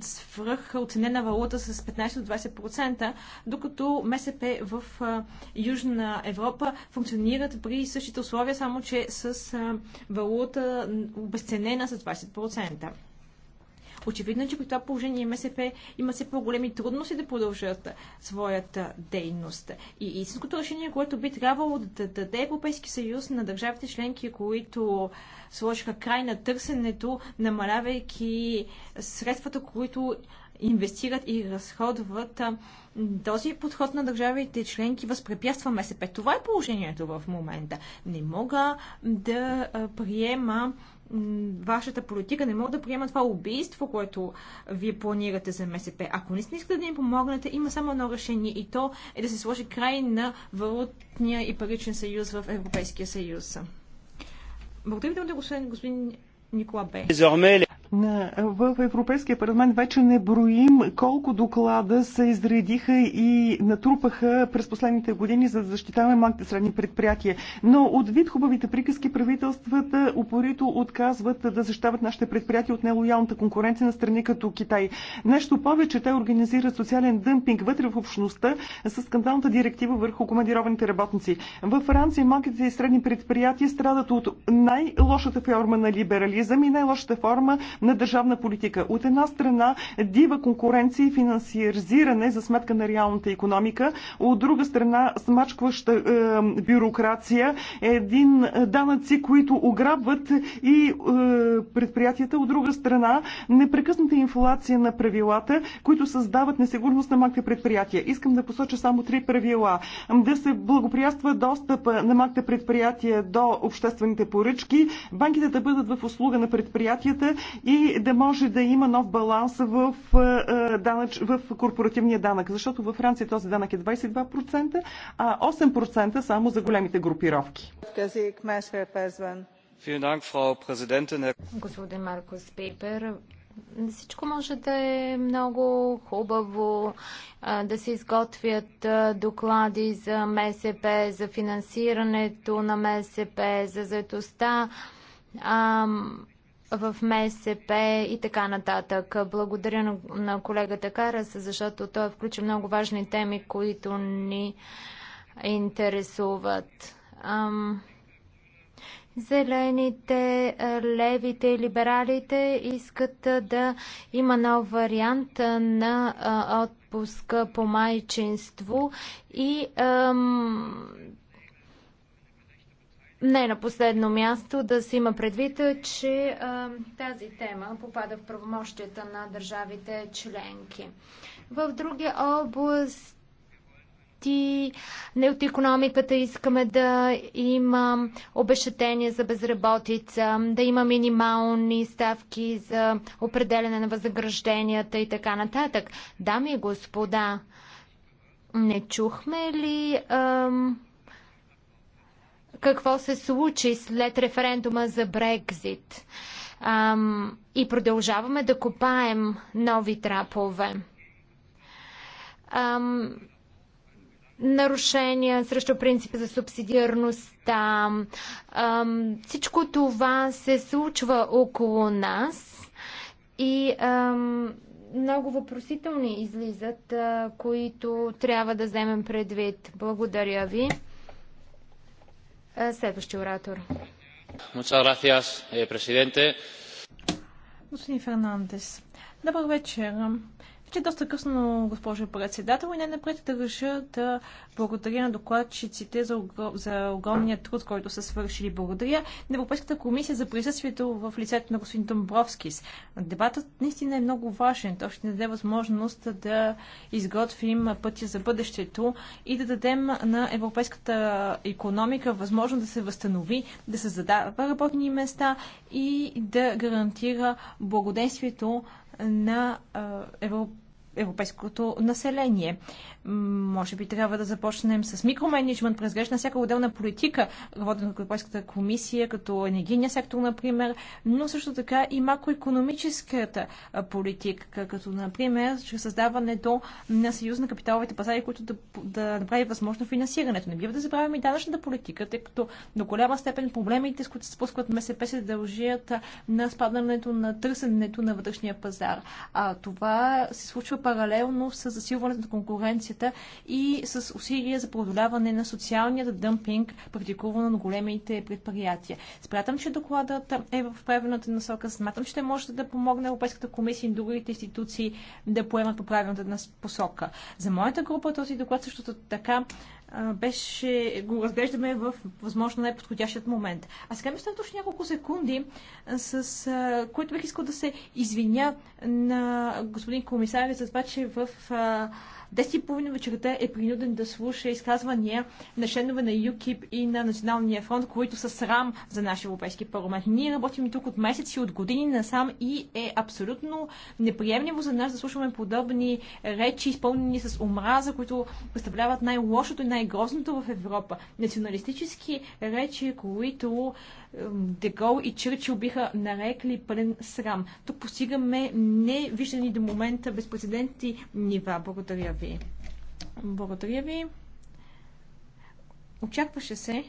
Speaker 3: свръх, оценена валута с 15-20%, докато МСП в Южна Европа функционират при същите условия, само че с валута обесценена с 20%. Очевидно е, че при това положение МСП има все по-големи трудности да продължат своята дейност. И истинското решение, което би трябвало да даде Европейски съюз на държавите членки, които сложиха край на търсенето, намалявайки средствата, които инвестират и разходват този подход на държавите членки възпрепятства МСП. Това е положението в момента. Не мога да приема вашата политика. Не мога да приема това убийство, което вие планирате за МСП. Ако не искате да им помогнете, има само едно решение и то е да се сложи край на валутния и паричен съюз в Европейския съюз. Благодаря ви, господин, господин
Speaker 2: Никола Бе. В Европейския парламент вече не броим колко доклада се изредиха и натрупаха през последните години, за да защитаваме малките средни предприятия. Но от вид хубавите приказки правителствата упорито отказват да защитават нашите предприятия от нелоялната конкуренция на страни като Китай. Нещо повече, те организират социален дъмпинг вътре в общността с скандалната директива върху командированите работници. В Франция малките и средни предприятия страдат от най-лошата форма на либерализъм и най-лошата форма на държавна политика. От една страна дива конкуренция и финансиризиране за сметка на реалната економика, от друга страна смачкваща е, бюрокрация, един е, данъци, които ограбват и е, предприятията, от друга страна непрекъсната инфлация на правилата, които създават несигурност на малките предприятия. Искам да посоча само три правила. Да се благоприятства достъпа на малките предприятия до обществените поръчки, банките да бъдат в услуга на предприятията и да може да има нов баланс в, е, е, данъч, в корпоративния данък. Защото във Франция този данък е 22%, а 8% само за големите групировки.
Speaker 1: Господин Маркус Пейпер, всичко може да е много хубаво, е, да се изготвят доклади за МСП, за финансирането на МСП, за заедостта в МСП и така нататък. Благодаря на, колегата Карас, защото той включи много важни теми, които ни интересуват. Ам... Зелените, левите и либералите искат да има нов вариант на отпуска по майчинство и ам, не на последно място да се има предвид, че а, тази тема попада в правомощията на държавите членки. В други области не от економиката искаме да има обещетение за безработица, да има минимални ставки за определене на възнагражденията и така нататък. Дами и господа, не чухме ли... Ам, какво се случи след референдума за Брекзит. Ам, и продължаваме да копаем нови трапове. Ам, нарушения срещу принципа за субсидиарността. Ам, всичко това се случва около нас и ам, много въпросителни излизат, а, които трябва да вземем предвид. Благодаря ви.
Speaker 3: Е, следващия оратор. Eh, Господин Фернандес, добър вечер. Вече доста късно, госпожо председател, и най-напред да реша да благодаря на докладчиците за, за огромния труд, който са свършили. Благодаря на Европейската комисия за присъствието в лицето на господин Домбровскис. Дебатът наистина е много важен. Той ще даде възможност да изготвим пътя за бъдещето и да дадем на европейската економика възможност да се възстанови, да създава работни места и да гарантира благоденствието на Европа европейското население. Може би трябва да започнем с микроменеджмент, през на всяка отделна политика, водена от Европейската комисия, като енергийния сектор, например, но също така и макроекономическата политика, като, например, чрез създаването на съюз на капиталовите пазари, които да, да направи възможно финансирането. Не бива да забравяме и данъчната политика, тъй като до голяма степен проблемите, с които се спускват МСП, се дължат на спадането на търсенето на вътрешния пазар. А това се случва паралелно с засилването на конкуренцията и с усилия за преодоляване на социалния дъмпинг, практикуван от големите предприятия. Смятам, че докладът е в правилната насока. Смятам, че може да помогне Европейската комисия и другите институции да поемат по правилната посока. За моята група този доклад също така беше, го разглеждаме в възможно най-подходящият момент. А сега ми точно няколко секунди, с а, които бих искал да се извиня на господин комисаря за това, че в а, 10.30 вечерта е принуден да слуша изказвания на членове на ЮКИП и на Националния фронт, които са срам за нашия Европейски парламент. Ние работим тук от месеци, от години насам и е абсолютно неприемливо за нас да слушаме подобни речи, изпълнени с омраза, които представляват най-лошото и най-грозното в Европа. Националистически речи, които Дегол и Чърчил биха нарекли пълен срам. Тук постигаме невиждани до момента безпредседентни нива. Благодаря ви. Благодаря ви. Очакваше се,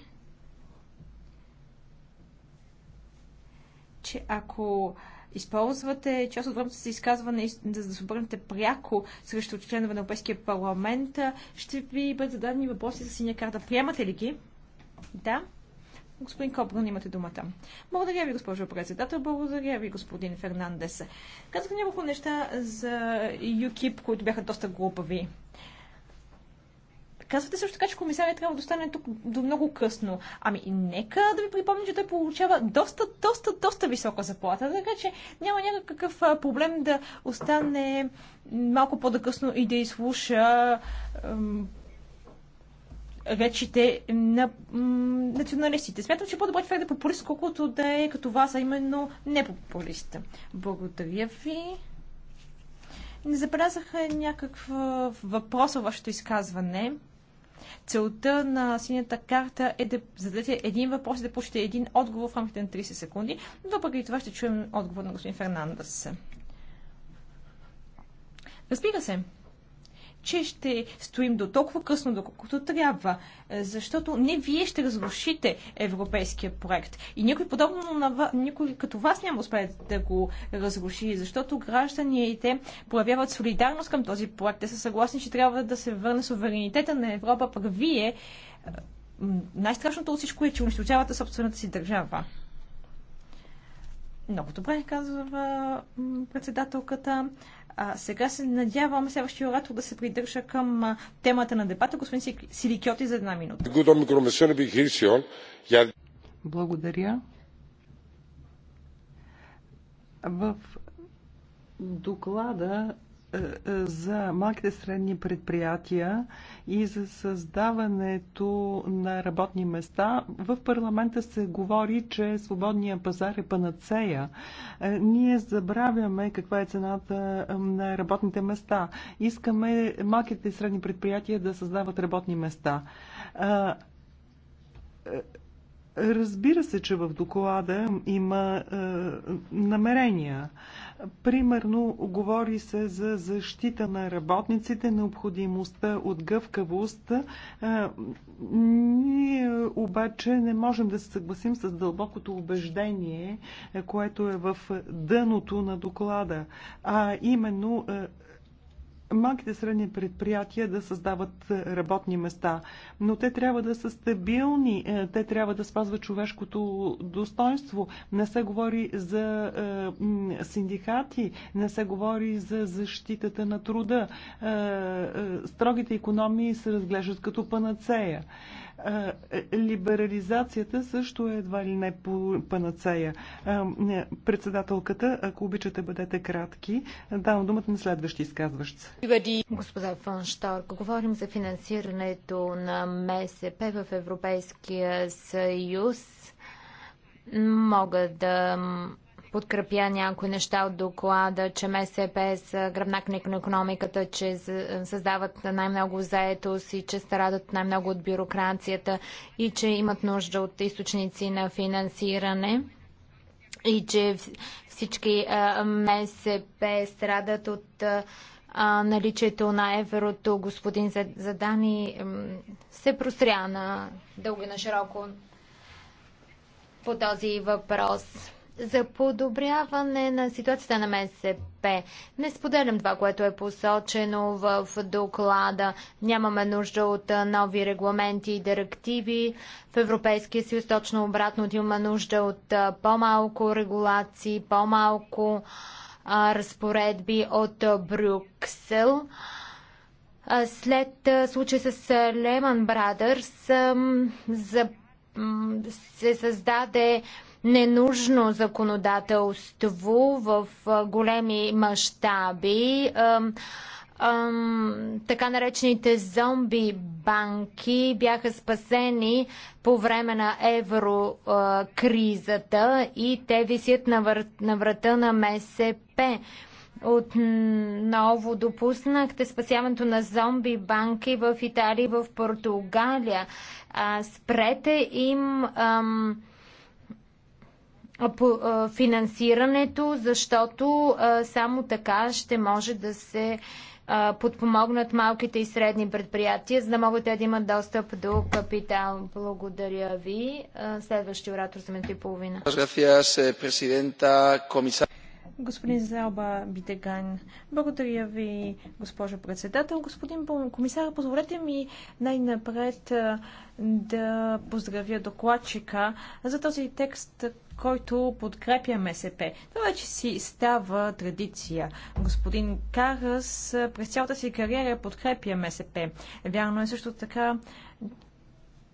Speaker 3: че ако използвате част от времето си изказване, за да се обърнете пряко срещу членове на Европейския парламент, ще ви бъдат зададени въпроси за синя карта. Приемате ли ги? Да. Господин Копран, имате думата. Благодаря ви, госпожо председател. Благодаря ви, господин Фернандес. Казах няколко неща за ЮКИП, които бяха доста глупави. Казвате също така, че комисарът трябва да остане тук до много късно. Ами, нека да ви припомня, че той получава доста, доста, доста висока заплата, така че няма някакъв проблем да остане малко по-късно и да изслуша речите на националистите. Смятам, че е по-добре човек да е популист, колкото да е като вас, а именно не популист. Благодаря ви. Не забелязах някакъв въпрос във вашето изказване. Целта на синята карта е да зададете един въпрос и да получите един отговор в рамките на 30 секунди. Въпреки това ще чуем отговор на господин Фернандес. Разбира се, че ще стоим до толкова късно, доколкото трябва, е, защото не вие ще разрушите европейския проект. И никой подобно на вас, никой като вас няма успее да го разруши, защото гражданите проявяват солидарност към този проект. Те са съгласни, че трябва да се върне суверенитета на Европа, пък вие е, най-страшното от всичко е, че унищожавате собствената си държава. Много добре, казва председателката. А сега се надявам следващия оратор да се придържа към темата на дебата. Господин Силикиоти за една минута.
Speaker 2: Благодаря. В доклада е, е, за малките средни предприятия и за създаването на работни места. В парламента се говори, че свободния пазар е панацея. Е, ние забравяме каква е цената на работните места. Искаме малките и средни предприятия да създават работни места Разбира се, че в доклада има е, намерения. Примерно, говори се за защита на работниците, необходимостта от гъвкавост. Е, ние обаче не можем да се съгласим с дълбокото убеждение, е, което е в дъното на доклада, а именно е, малките средни предприятия да създават е, работни места, но те трябва да са стабилни, е, те трябва да спазват човешкото достоинство. Не се говори за е, синдикати, не се говори за защитата на труда. Строгите економии се разглеждат като панацея. Либерализацията също е едва ли не по панацея. Председателката, ако обичате, бъдете кратки. Давам думата на следващи изказващ
Speaker 1: Господа Фон Шторк, говорим за финансирането на МСП в Европейския съюз. Мога да подкрепя някои неща от доклада, че МСП са гръбнак на економиката, че създават най-много заетост и че страдат най-много от бюрокрацията и че имат нужда от източници на финансиране и че всички МСП страдат от наличието на еврото. Господин Задани се простря на дълго и на широко по този въпрос за подобряване на ситуацията на МСП. Не споделям това, което е посочено в доклада. Нямаме нужда от нови регламенти и директиви. В Европейския съюз точно обратно имаме нужда от по-малко регулации, по-малко разпоредби от Брюксел. След а, случай с Леман Брадърс се създаде ненужно законодателство в големи мащаби. Така наречените зомби банки бяха спасени по време на еврокризата и те висят на, вър... на врата на МСП. Отново допуснахте спасяването на зомби банки в Италия и в Португалия. спрете им ам, по финансирането, защото само така ще може да се подпомогнат малките и средни предприятия, за да могат те да имат достъп до капитал.
Speaker 3: Благодаря ви. Следващия оратор за минута и половина. Господин Залба Бидеган, благодаря ви, госпожо председател. Господин комисар, позволете ми най-напред да поздравя докладчика за този текст, който подкрепя МСП. Това вече си става традиция. Господин Карас през цялата си кариера подкрепя МСП. Вярно е също така,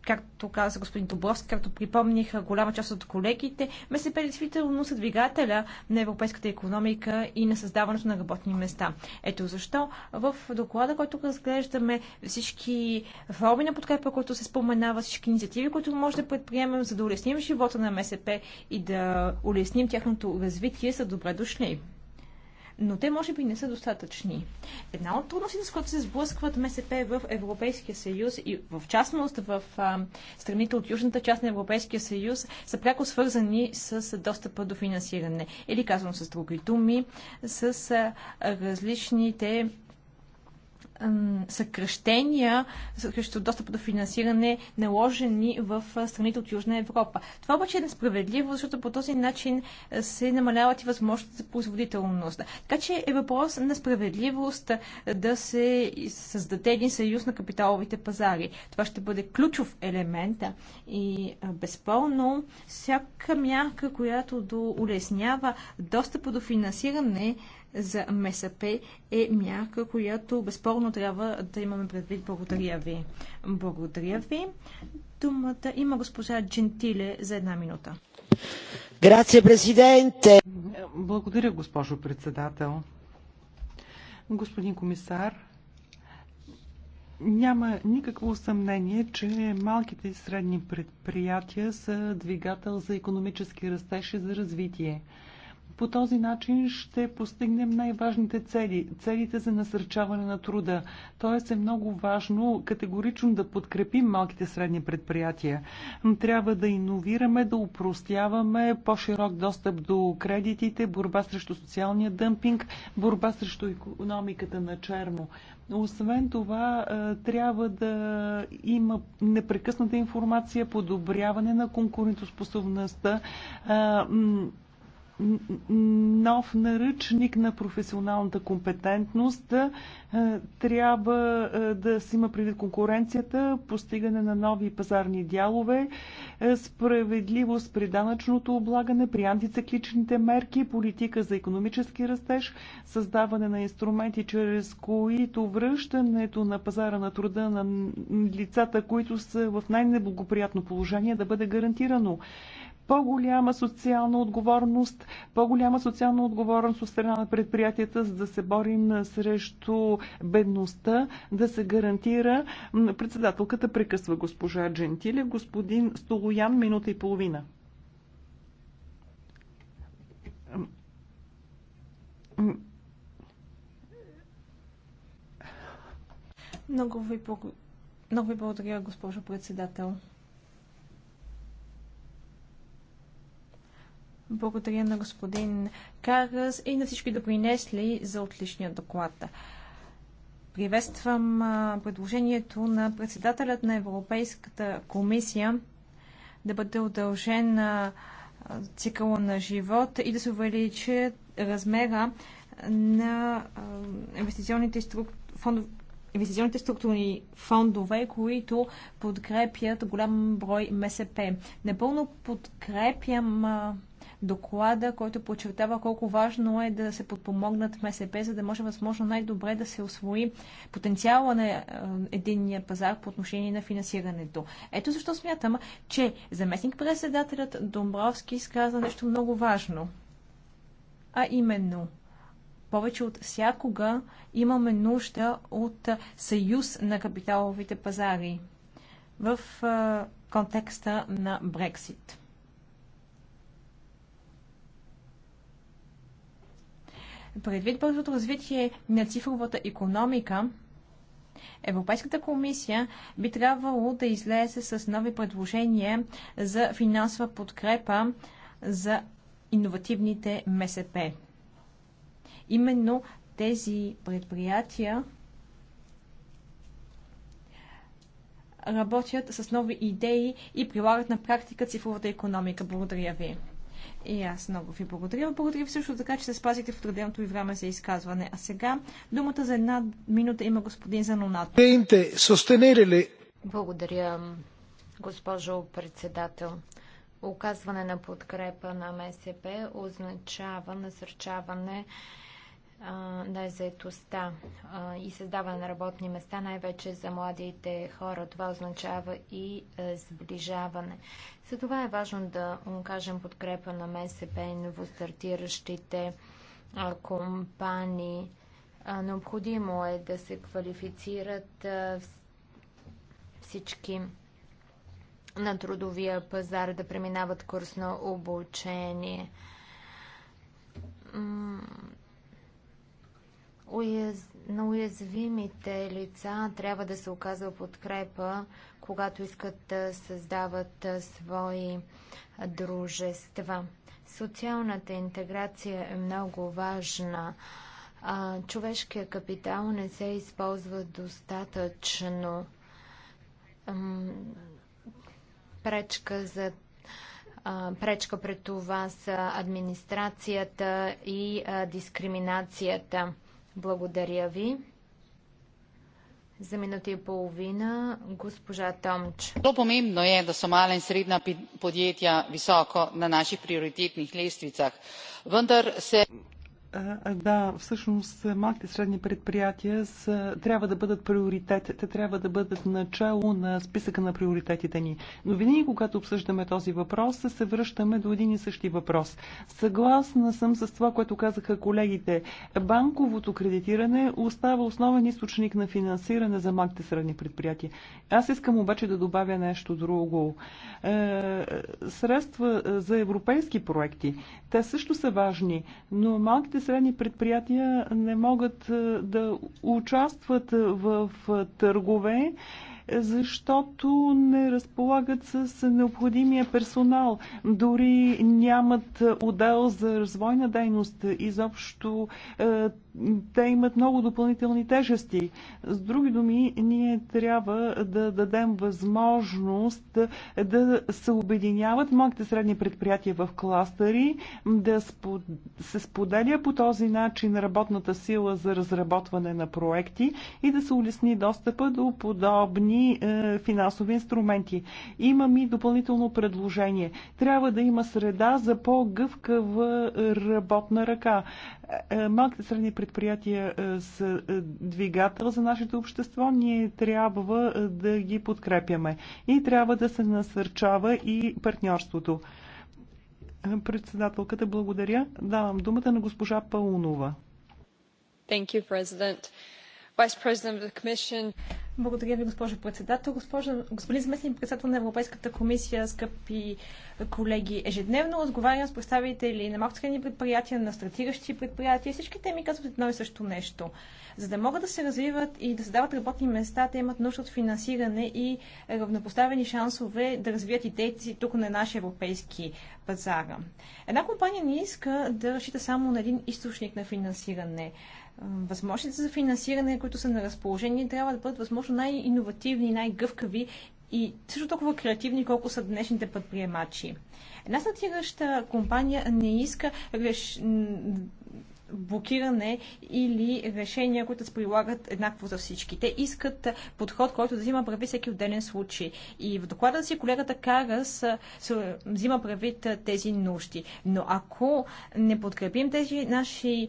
Speaker 3: както каза господин Добровски, както припомних голяма част от колегите, МСП действително са двигателя на европейската економика и на създаването на работни места. Ето защо в доклада, който разглеждаме всички форми на подкрепа, които се споменава, всички инициативи, които може да предприемем, за да улесним живота на МСП и да улесним тяхното развитие, са добре дошли но те може би не са достатъчни. Една от трудностите, с които се сблъскват МСП в Европейския съюз и в частност в а, страните от южната част на Европейския съюз, са пряко свързани с достъпа до финансиране. Или казвам с други думи, с а, различните съкръщения срещу достъпа до финансиране, наложени в страните от Южна Европа. Това обаче е несправедливо, защото по този начин се намаляват и възможности за производителност. Така че е въпрос на справедливост да се създаде един съюз на капиталовите пазари. Това ще бъде ключов елемент и безпълно, всяка мярка, която до улеснява достъпа до финансиране за МСП е мярка, която безспорно трябва да имаме предвид. Благодаря ви. Благодаря ви. Думата има госпожа Джентиле за една минута.
Speaker 2: Грация, президенте! Благодаря, госпожо председател. Господин комисар, няма никакво съмнение, че малките и средни предприятия са двигател за економически растеж и за развитие. По този начин ще постигнем най-важните цели, целите за насърчаване на труда. Тоест е много важно категорично да подкрепим малките средни предприятия. Трябва да иновираме, да упростяваме по-широк достъп до кредитите, борба срещу социалния дъмпинг, борба срещу економиката на черно. Освен това, е, трябва да има непрекъсната информация, подобряване на конкурентоспособността, е, нов наръчник на професионалната компетентност. Е, трябва е, да се има предвид конкуренцията, постигане на нови пазарни дялове, е, справедливост при данъчното облагане, при антицикличните мерки, политика за економически растеж, създаване на инструменти, чрез които връщането на пазара на труда на лицата, които са в най-неблагоприятно положение, да бъде гарантирано по-голяма социална отговорност, по-голяма социална отговорност от страна на предприятията, за да се борим срещу бедността, да се гарантира. Председателката прекъсва госпожа Джентиле. Господин Столоян, минута и половина.
Speaker 3: Много ви, много ви благодаря, госпожо председател. Благодаря на господин Карас и на всички допринесли за отличния доклад. Приветствам предложението на председателят на Европейската комисия да бъде удължен цикъла на живот и да се увеличи размера на инвестиционните структури фондове инвестиционните структурни фондове, които подкрепят голям брой МСП. Напълно подкрепям доклада, който подчертава колко важно е да се подпомогнат МСП, за да може възможно най-добре да се освои потенциала на е, единния пазар по отношение на финансирането. Ето защо смятам, че заместник-председателят Домбровски изказа нещо много важно. А именно, повече от всякога имаме нужда от съюз на капиталовите пазари в е, контекста на Брексит. Предвид бързото развитие на цифровата економика, Европейската комисия би трябвало да излезе с нови предложения за финансова подкрепа за иновативните МСП. Именно тези предприятия работят с нови идеи и прилагат на практика цифровата економика. Благодаря ви. И аз много ви благодаря. Благодаря ви също така, че се спазите в отреденото ви време за изказване. А сега думата за една минута има господин Занонато. Благодаря, госпожо
Speaker 1: председател. Оказване на подкрепа на МСП означава насърчаване на заетостта и създаване на работни места, най-вече за младите хора. Това означава и е, сближаване. За това е важно да кажем подкрепа на МСП и новостартиращите компании. Необходимо е да се квалифицират всички на трудовия пазар, да преминават курс на обучение уяз... на уязвимите лица трябва да се оказва подкрепа, когато искат да създават свои дружества. Социалната интеграция е много важна. човешкия капитал не се използва достатъчно. пречка за пречка пред това са администрацията и дискриминацията. Благодаря ви. За минута и половина госпожа Томч. Zelo pomembno je, da so mala in srednja podjetja visoko na naših prioritetnih lestvicah, vendar
Speaker 2: se. Да, всъщност малките средни предприятия са, трябва да бъдат приоритет. Те трябва да бъдат начало на списъка на приоритетите ни. Но винаги, когато обсъждаме този въпрос, се връщаме до един и същи въпрос. Съгласна съм с това, което казаха колегите. Банковото кредитиране остава основен източник на финансиране за малките средни предприятия. Аз искам обаче да добавя нещо друго. Е, средства за европейски проекти. Те също са важни, но малките средни предприятия не могат е, да участват в е, търгове защото не разполагат с необходимия персонал. Дори нямат отдел за развойна дейност. Изобщо е, те имат много допълнителни тежести. С други думи, ние трябва да дадем възможност да се обединяват малките средни предприятия в кластъри, да се споделя по този начин работната сила за разработване на проекти и да се улесни достъпа до подобни допълнителни е, финансови инструменти. Имам и допълнително предложение. Трябва да има среда за по-гъвкава работна ръка. Е, е, малките средни предприятия са двигател за нашето общество. Ние трябва да ги подкрепяме и трябва да се насърчава и партньорството. Председателката, благодаря. Давам думата на госпожа Паунова.
Speaker 3: Thank you, President. Vice President of the Commission. Благодаря ви, госпожо председател. Госпожа, господин заместник председател на Европейската комисия, скъпи колеги, ежедневно разговарям с представители на малките предприятия, на стартиращи предприятия. Всички те ми казват едно и също нещо. За да могат да се развиват и да създават работни места, те имат нужда от финансиране и равнопоставени шансове да развият идеите си тук на нашия европейски пазар. Една компания не иска да разчита само на един източник на финансиране възможности за финансиране, които са на разположение, трябва да бъдат възможно най-инновативни, най-гъвкави и също толкова креативни, колко са днешните предприемачи. Една стартираща компания не иска реш блокиране или решения, които се прилагат еднакво за всички. Те искат подход, който да взима прави всеки отделен случай. И в доклада си колегата Карас взима прави тези нужди. Но ако не подкрепим тези наши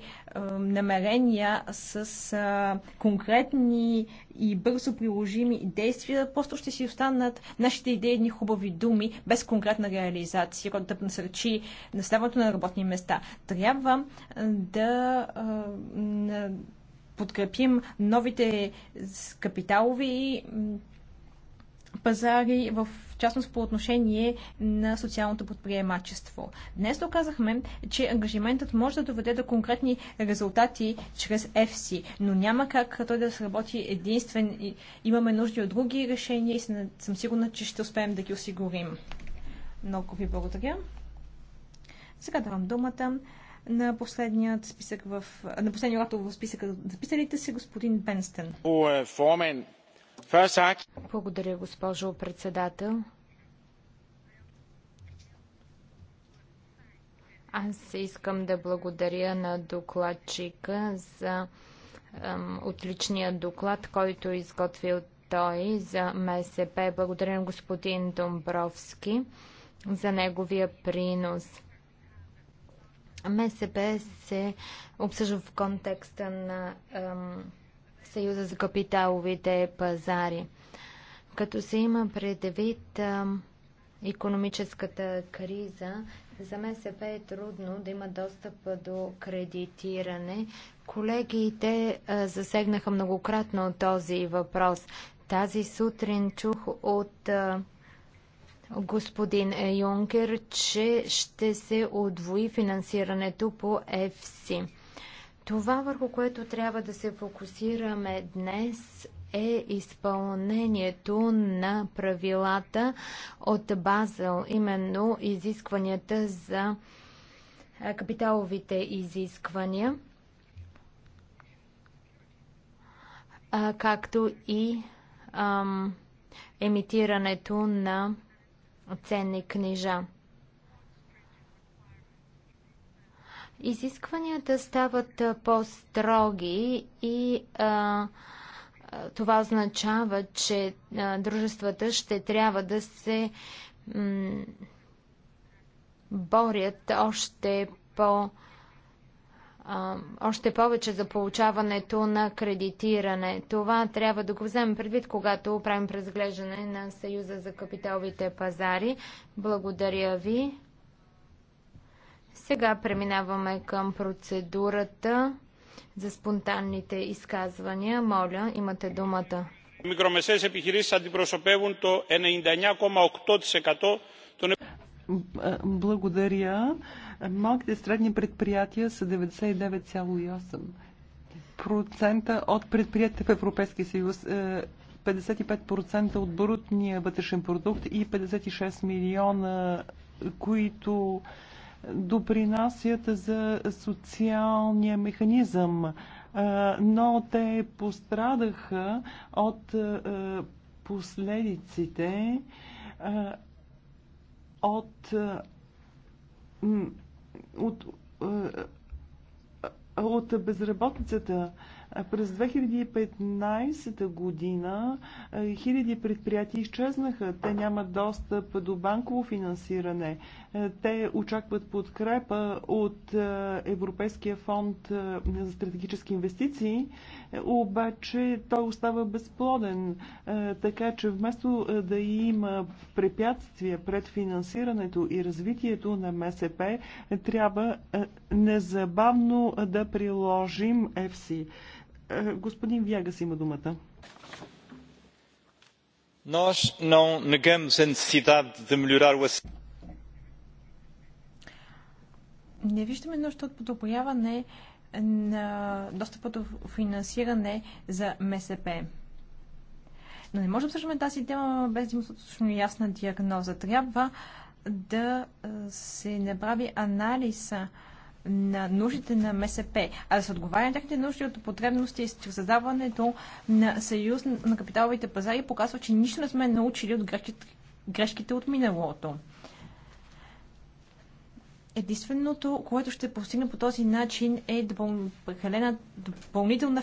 Speaker 3: намерения с конкретни и бързо приложими действия, просто ще си останат нашите идеи едни хубави думи, без конкретна реализация, която да насърчи наставането на работни места. Трябва да подкрепим новите капиталови пазари в частност по отношение на социалното подприемачество. Днес доказахме, че ангажиментът може да доведе до конкретни резултати чрез FC, но няма как той да сработи единствен. Имаме нужди от други решения и съм сигурна, че ще успеем да ги осигурим. Много ви благодаря. Сега давам думата на последният списък в, на последния оратор в списъка записалите се, господин Бенстен.
Speaker 2: О, е, формен,
Speaker 3: благодаря, госпожо председател.
Speaker 1: Аз искам да благодаря на докладчика за ем, отличния доклад, който е изготвил той за МСП. Благодаря на господин Домбровски за неговия принос. МСП се обсъжда в контекста на ем, Съюза за капиталовите пазари. Като се има предвид економическата криза, за мен се е трудно да има достъп до кредитиране. Колегите засегнаха многократно този въпрос. Тази сутрин чух от господин Юнкер, че ще се удвои финансирането по ЕФСИ. Това, върху което трябва да се фокусираме днес е изпълнението на правилата от Базел, именно изискванията за капиталовите изисквания, както и емитирането на ценни книжа. Изискванията стават по-строги и а, това означава, че а, дружествата ще трябва да се борят още по още повече за получаването на кредитиране. Това трябва да го вземем предвид, когато правим презглеждане на Съюза за капиталовите пазари. Благодаря ви. Сега преминаваме към процедурата за спонтанните изказвания. Моля, имате
Speaker 2: думата. 99,8% Благодаря. Малките средни предприятия са 99,8% от предприятия в Европейския съюз. 55% е, от брутния вътрешен продукт и 56 милиона, които допринасят за социалния механизъм, но те пострадаха от последиците от, от, от безработицата. През 2015 година хиляди предприятия изчезнаха. Те нямат достъп до банково финансиране. Те очакват подкрепа от е, Европейския фонд е, за стратегически инвестиции, обаче той остава безплоден. Е, така че вместо да има препятствия пред финансирането и развитието на МСП, трябва незабавно да приложим ЕФСИ. Господин Вягас има думата. Nós não negamos a necessidade de melhorar o acesso
Speaker 3: не виждаме нужда от подобряване на достъпа до финансиране за МСП. Но не може да обсъждаме тази тема без да има достатъчно ясна диагноза. Трябва да се направи анализа на нуждите на МСП, а да се отговаря на техните нужди от потребности чрез създаването на съюз на капиталовите пазари показва, че нищо не сме научили от грешките от миналото. Единственото, което ще постигне по този начин е прекалена допълнителна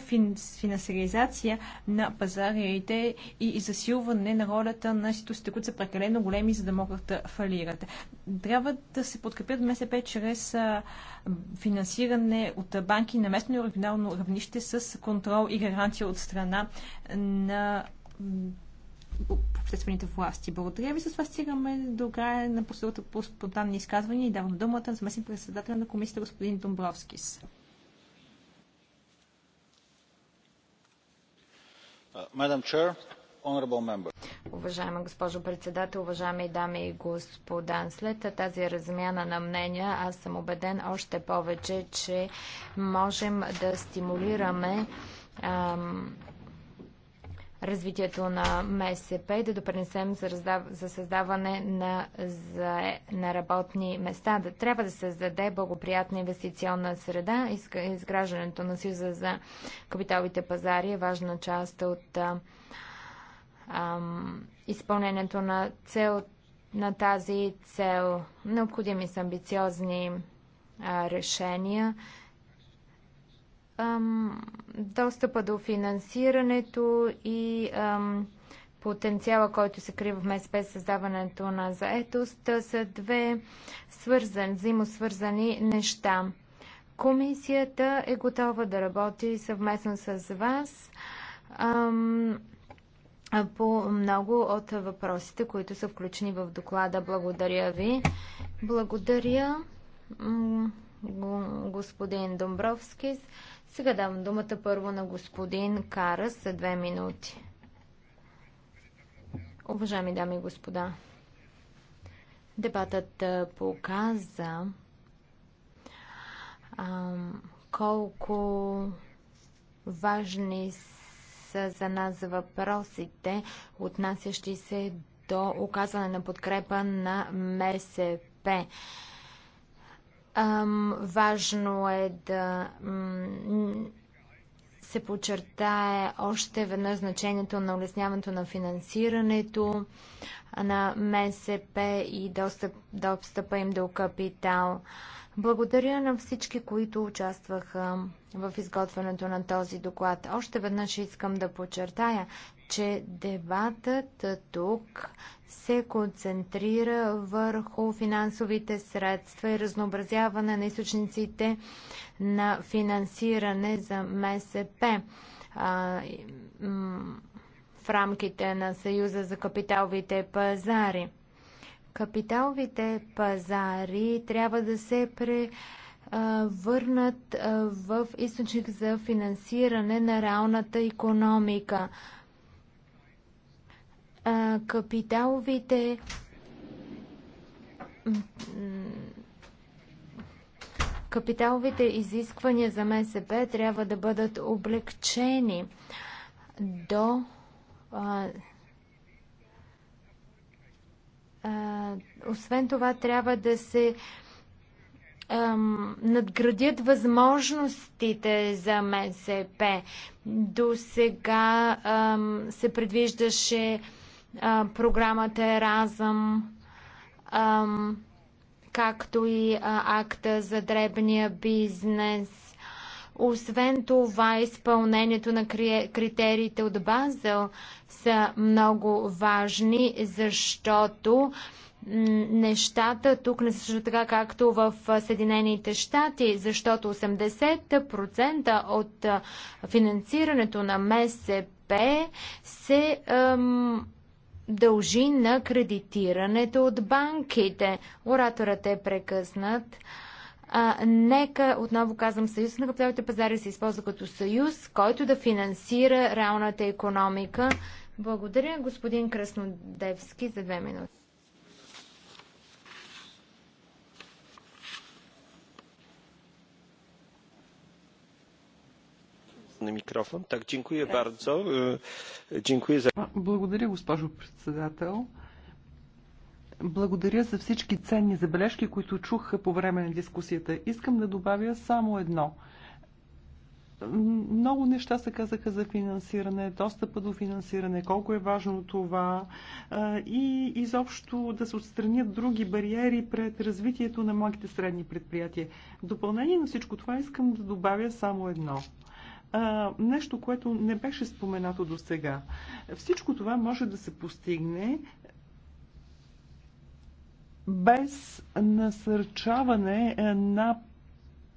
Speaker 3: финансиризация на пазарите и засилване на ролята на ситуациите, които са прекалено големи, за да могат да фалират. Трябва да се подкрепят МСП чрез финансиране от банки на местно и регионално равнище с контрол и гаранция от страна на обществените власти. Благодаря ви. С това стигаме до края на последното по спонтанни изказвания и давам думата на заместник председател на комисията господин Домбровскис.
Speaker 2: Uh,
Speaker 1: Уважаема госпожо председател, уважаеми дами и господа, след тази размяна на мнения, аз съм убеден още повече, че можем да стимулираме ам, развитието на МСП, и да допринесем за, раздав... за създаване на, за... на работни места. Да, трябва да се създаде благоприятна инвестиционна среда. Изграждането на Съюза за капиталовите пазари е важна част от а, ам, изпълнението на цел на тази цел. Необходими са амбициозни а, решения достъпа до финансирането и потенциала, който се крива в МСП създаването на заетост, са две свързан, взаимосвързани неща. Комисията е готова да работи съвместно с вас ам, по много от въпросите, които са включени в доклада. Благодаря ви. Благодаря, господин Домбровски. Сега давам думата първо на господин Карас за две минути. Уважаеми дами и господа, дебатът показа а, колко важни са за нас въпросите, отнасящи се до оказване на подкрепа на МСП. Ам, важно е да се подчертае още веднъж значението на улесняването на финансирането на МСП и достъп, достъпа им до капитал. Благодаря на всички, които участваха в изготвянето на този доклад. Още веднъж искам да подчертая, че дебатът тук се концентрира върху финансовите средства и разнообразяване на източниците на финансиране за МСП а, в рамките на Съюза за капиталовите пазари. Капиталовите пазари трябва да се пре върнат в източник за финансиране на реалната економика капиталовите капиталовите изисквания за МСП трябва да бъдат облегчени до а, а, освен това трябва да се надградят възможностите за МСП. До сега се предвиждаше а, програмата Еразъм, както и а, акта за дребния бизнес. Освен това, изпълнението на критериите от Базел са много важни, защото нещата тук не също така както в Съединените щати, защото 80% от финансирането на МСП се ем, дължи на кредитирането от банките. Ораторът е прекъснат. А, нека, отново казвам, Съюз на капиталните пазари се използва като съюз, който да финансира реалната економика. Благодаря, господин Краснодевски, за две минути.
Speaker 2: Е, благодаря, госпожо председател. Благодаря за всички ценни забележки, които чух по време на дискусията. Искам да добавя само едно. Много неща се казаха за финансиране, достъпа до финансиране, колко е важно това и изобщо да се отстранят други бариери пред развитието на малките средни предприятия. В допълнение на всичко това искам да добавя само едно – а, нещо, което не беше споменато до сега. Всичко това може да се постигне без насърчаване е, на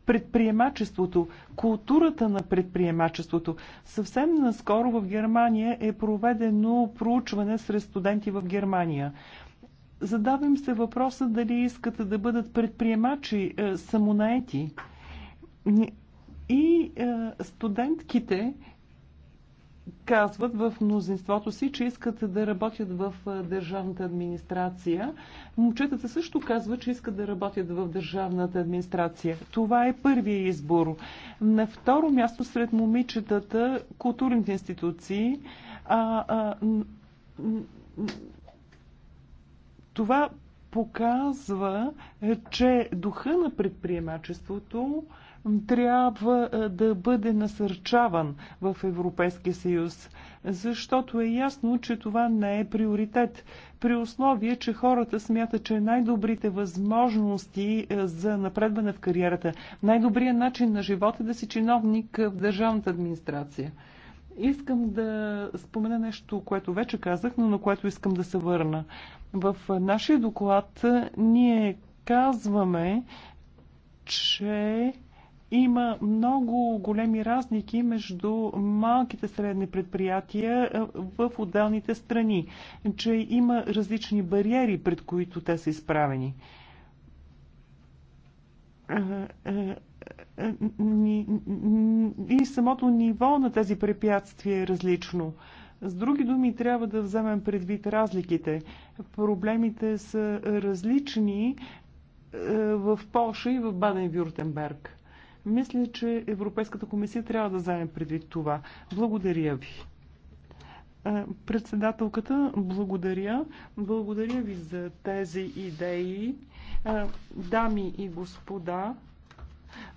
Speaker 2: предприемачеството, културата на предприемачеството. Съвсем наскоро в Германия е проведено проучване сред студенти в Германия. Задавам се въпроса дали искат да бъдат предприемачи, е, самонаети и е, студентките казват в мнозинството си, че искат да работят в е, държавната администрация. Момчетата също казват, че искат да работят в държавната администрация. Това е първия избор. На второ място сред момичетата културните институции. А, а, това показва, че духа на предприемачеството а, трябва е, да бъде насърчаван в Европейския съюз, защото е ясно, че това не е приоритет. При условие, че хората смятат, че най-добрите възможности е, за напредване в кариерата, най-добрият начин на живота е да си чиновник е, в държавната администрация. Искам да спомена нещо, което вече казах, но на което искам да се върна. В нашия доклад ние казваме, че има много големи разлики между малките средни предприятия в отделните страни, че има различни бариери, пред които те са изправени. И самото ниво на тези препятствия е различно. С други думи, трябва да вземем предвид разликите. Проблемите са различни в Польша и в Баден-Вюртенберг. Мисля, че Европейската комисия трябва да вземе предвид това. Благодаря ви. Председателката, благодаря. Благодаря ви за тези идеи. Дами и господа,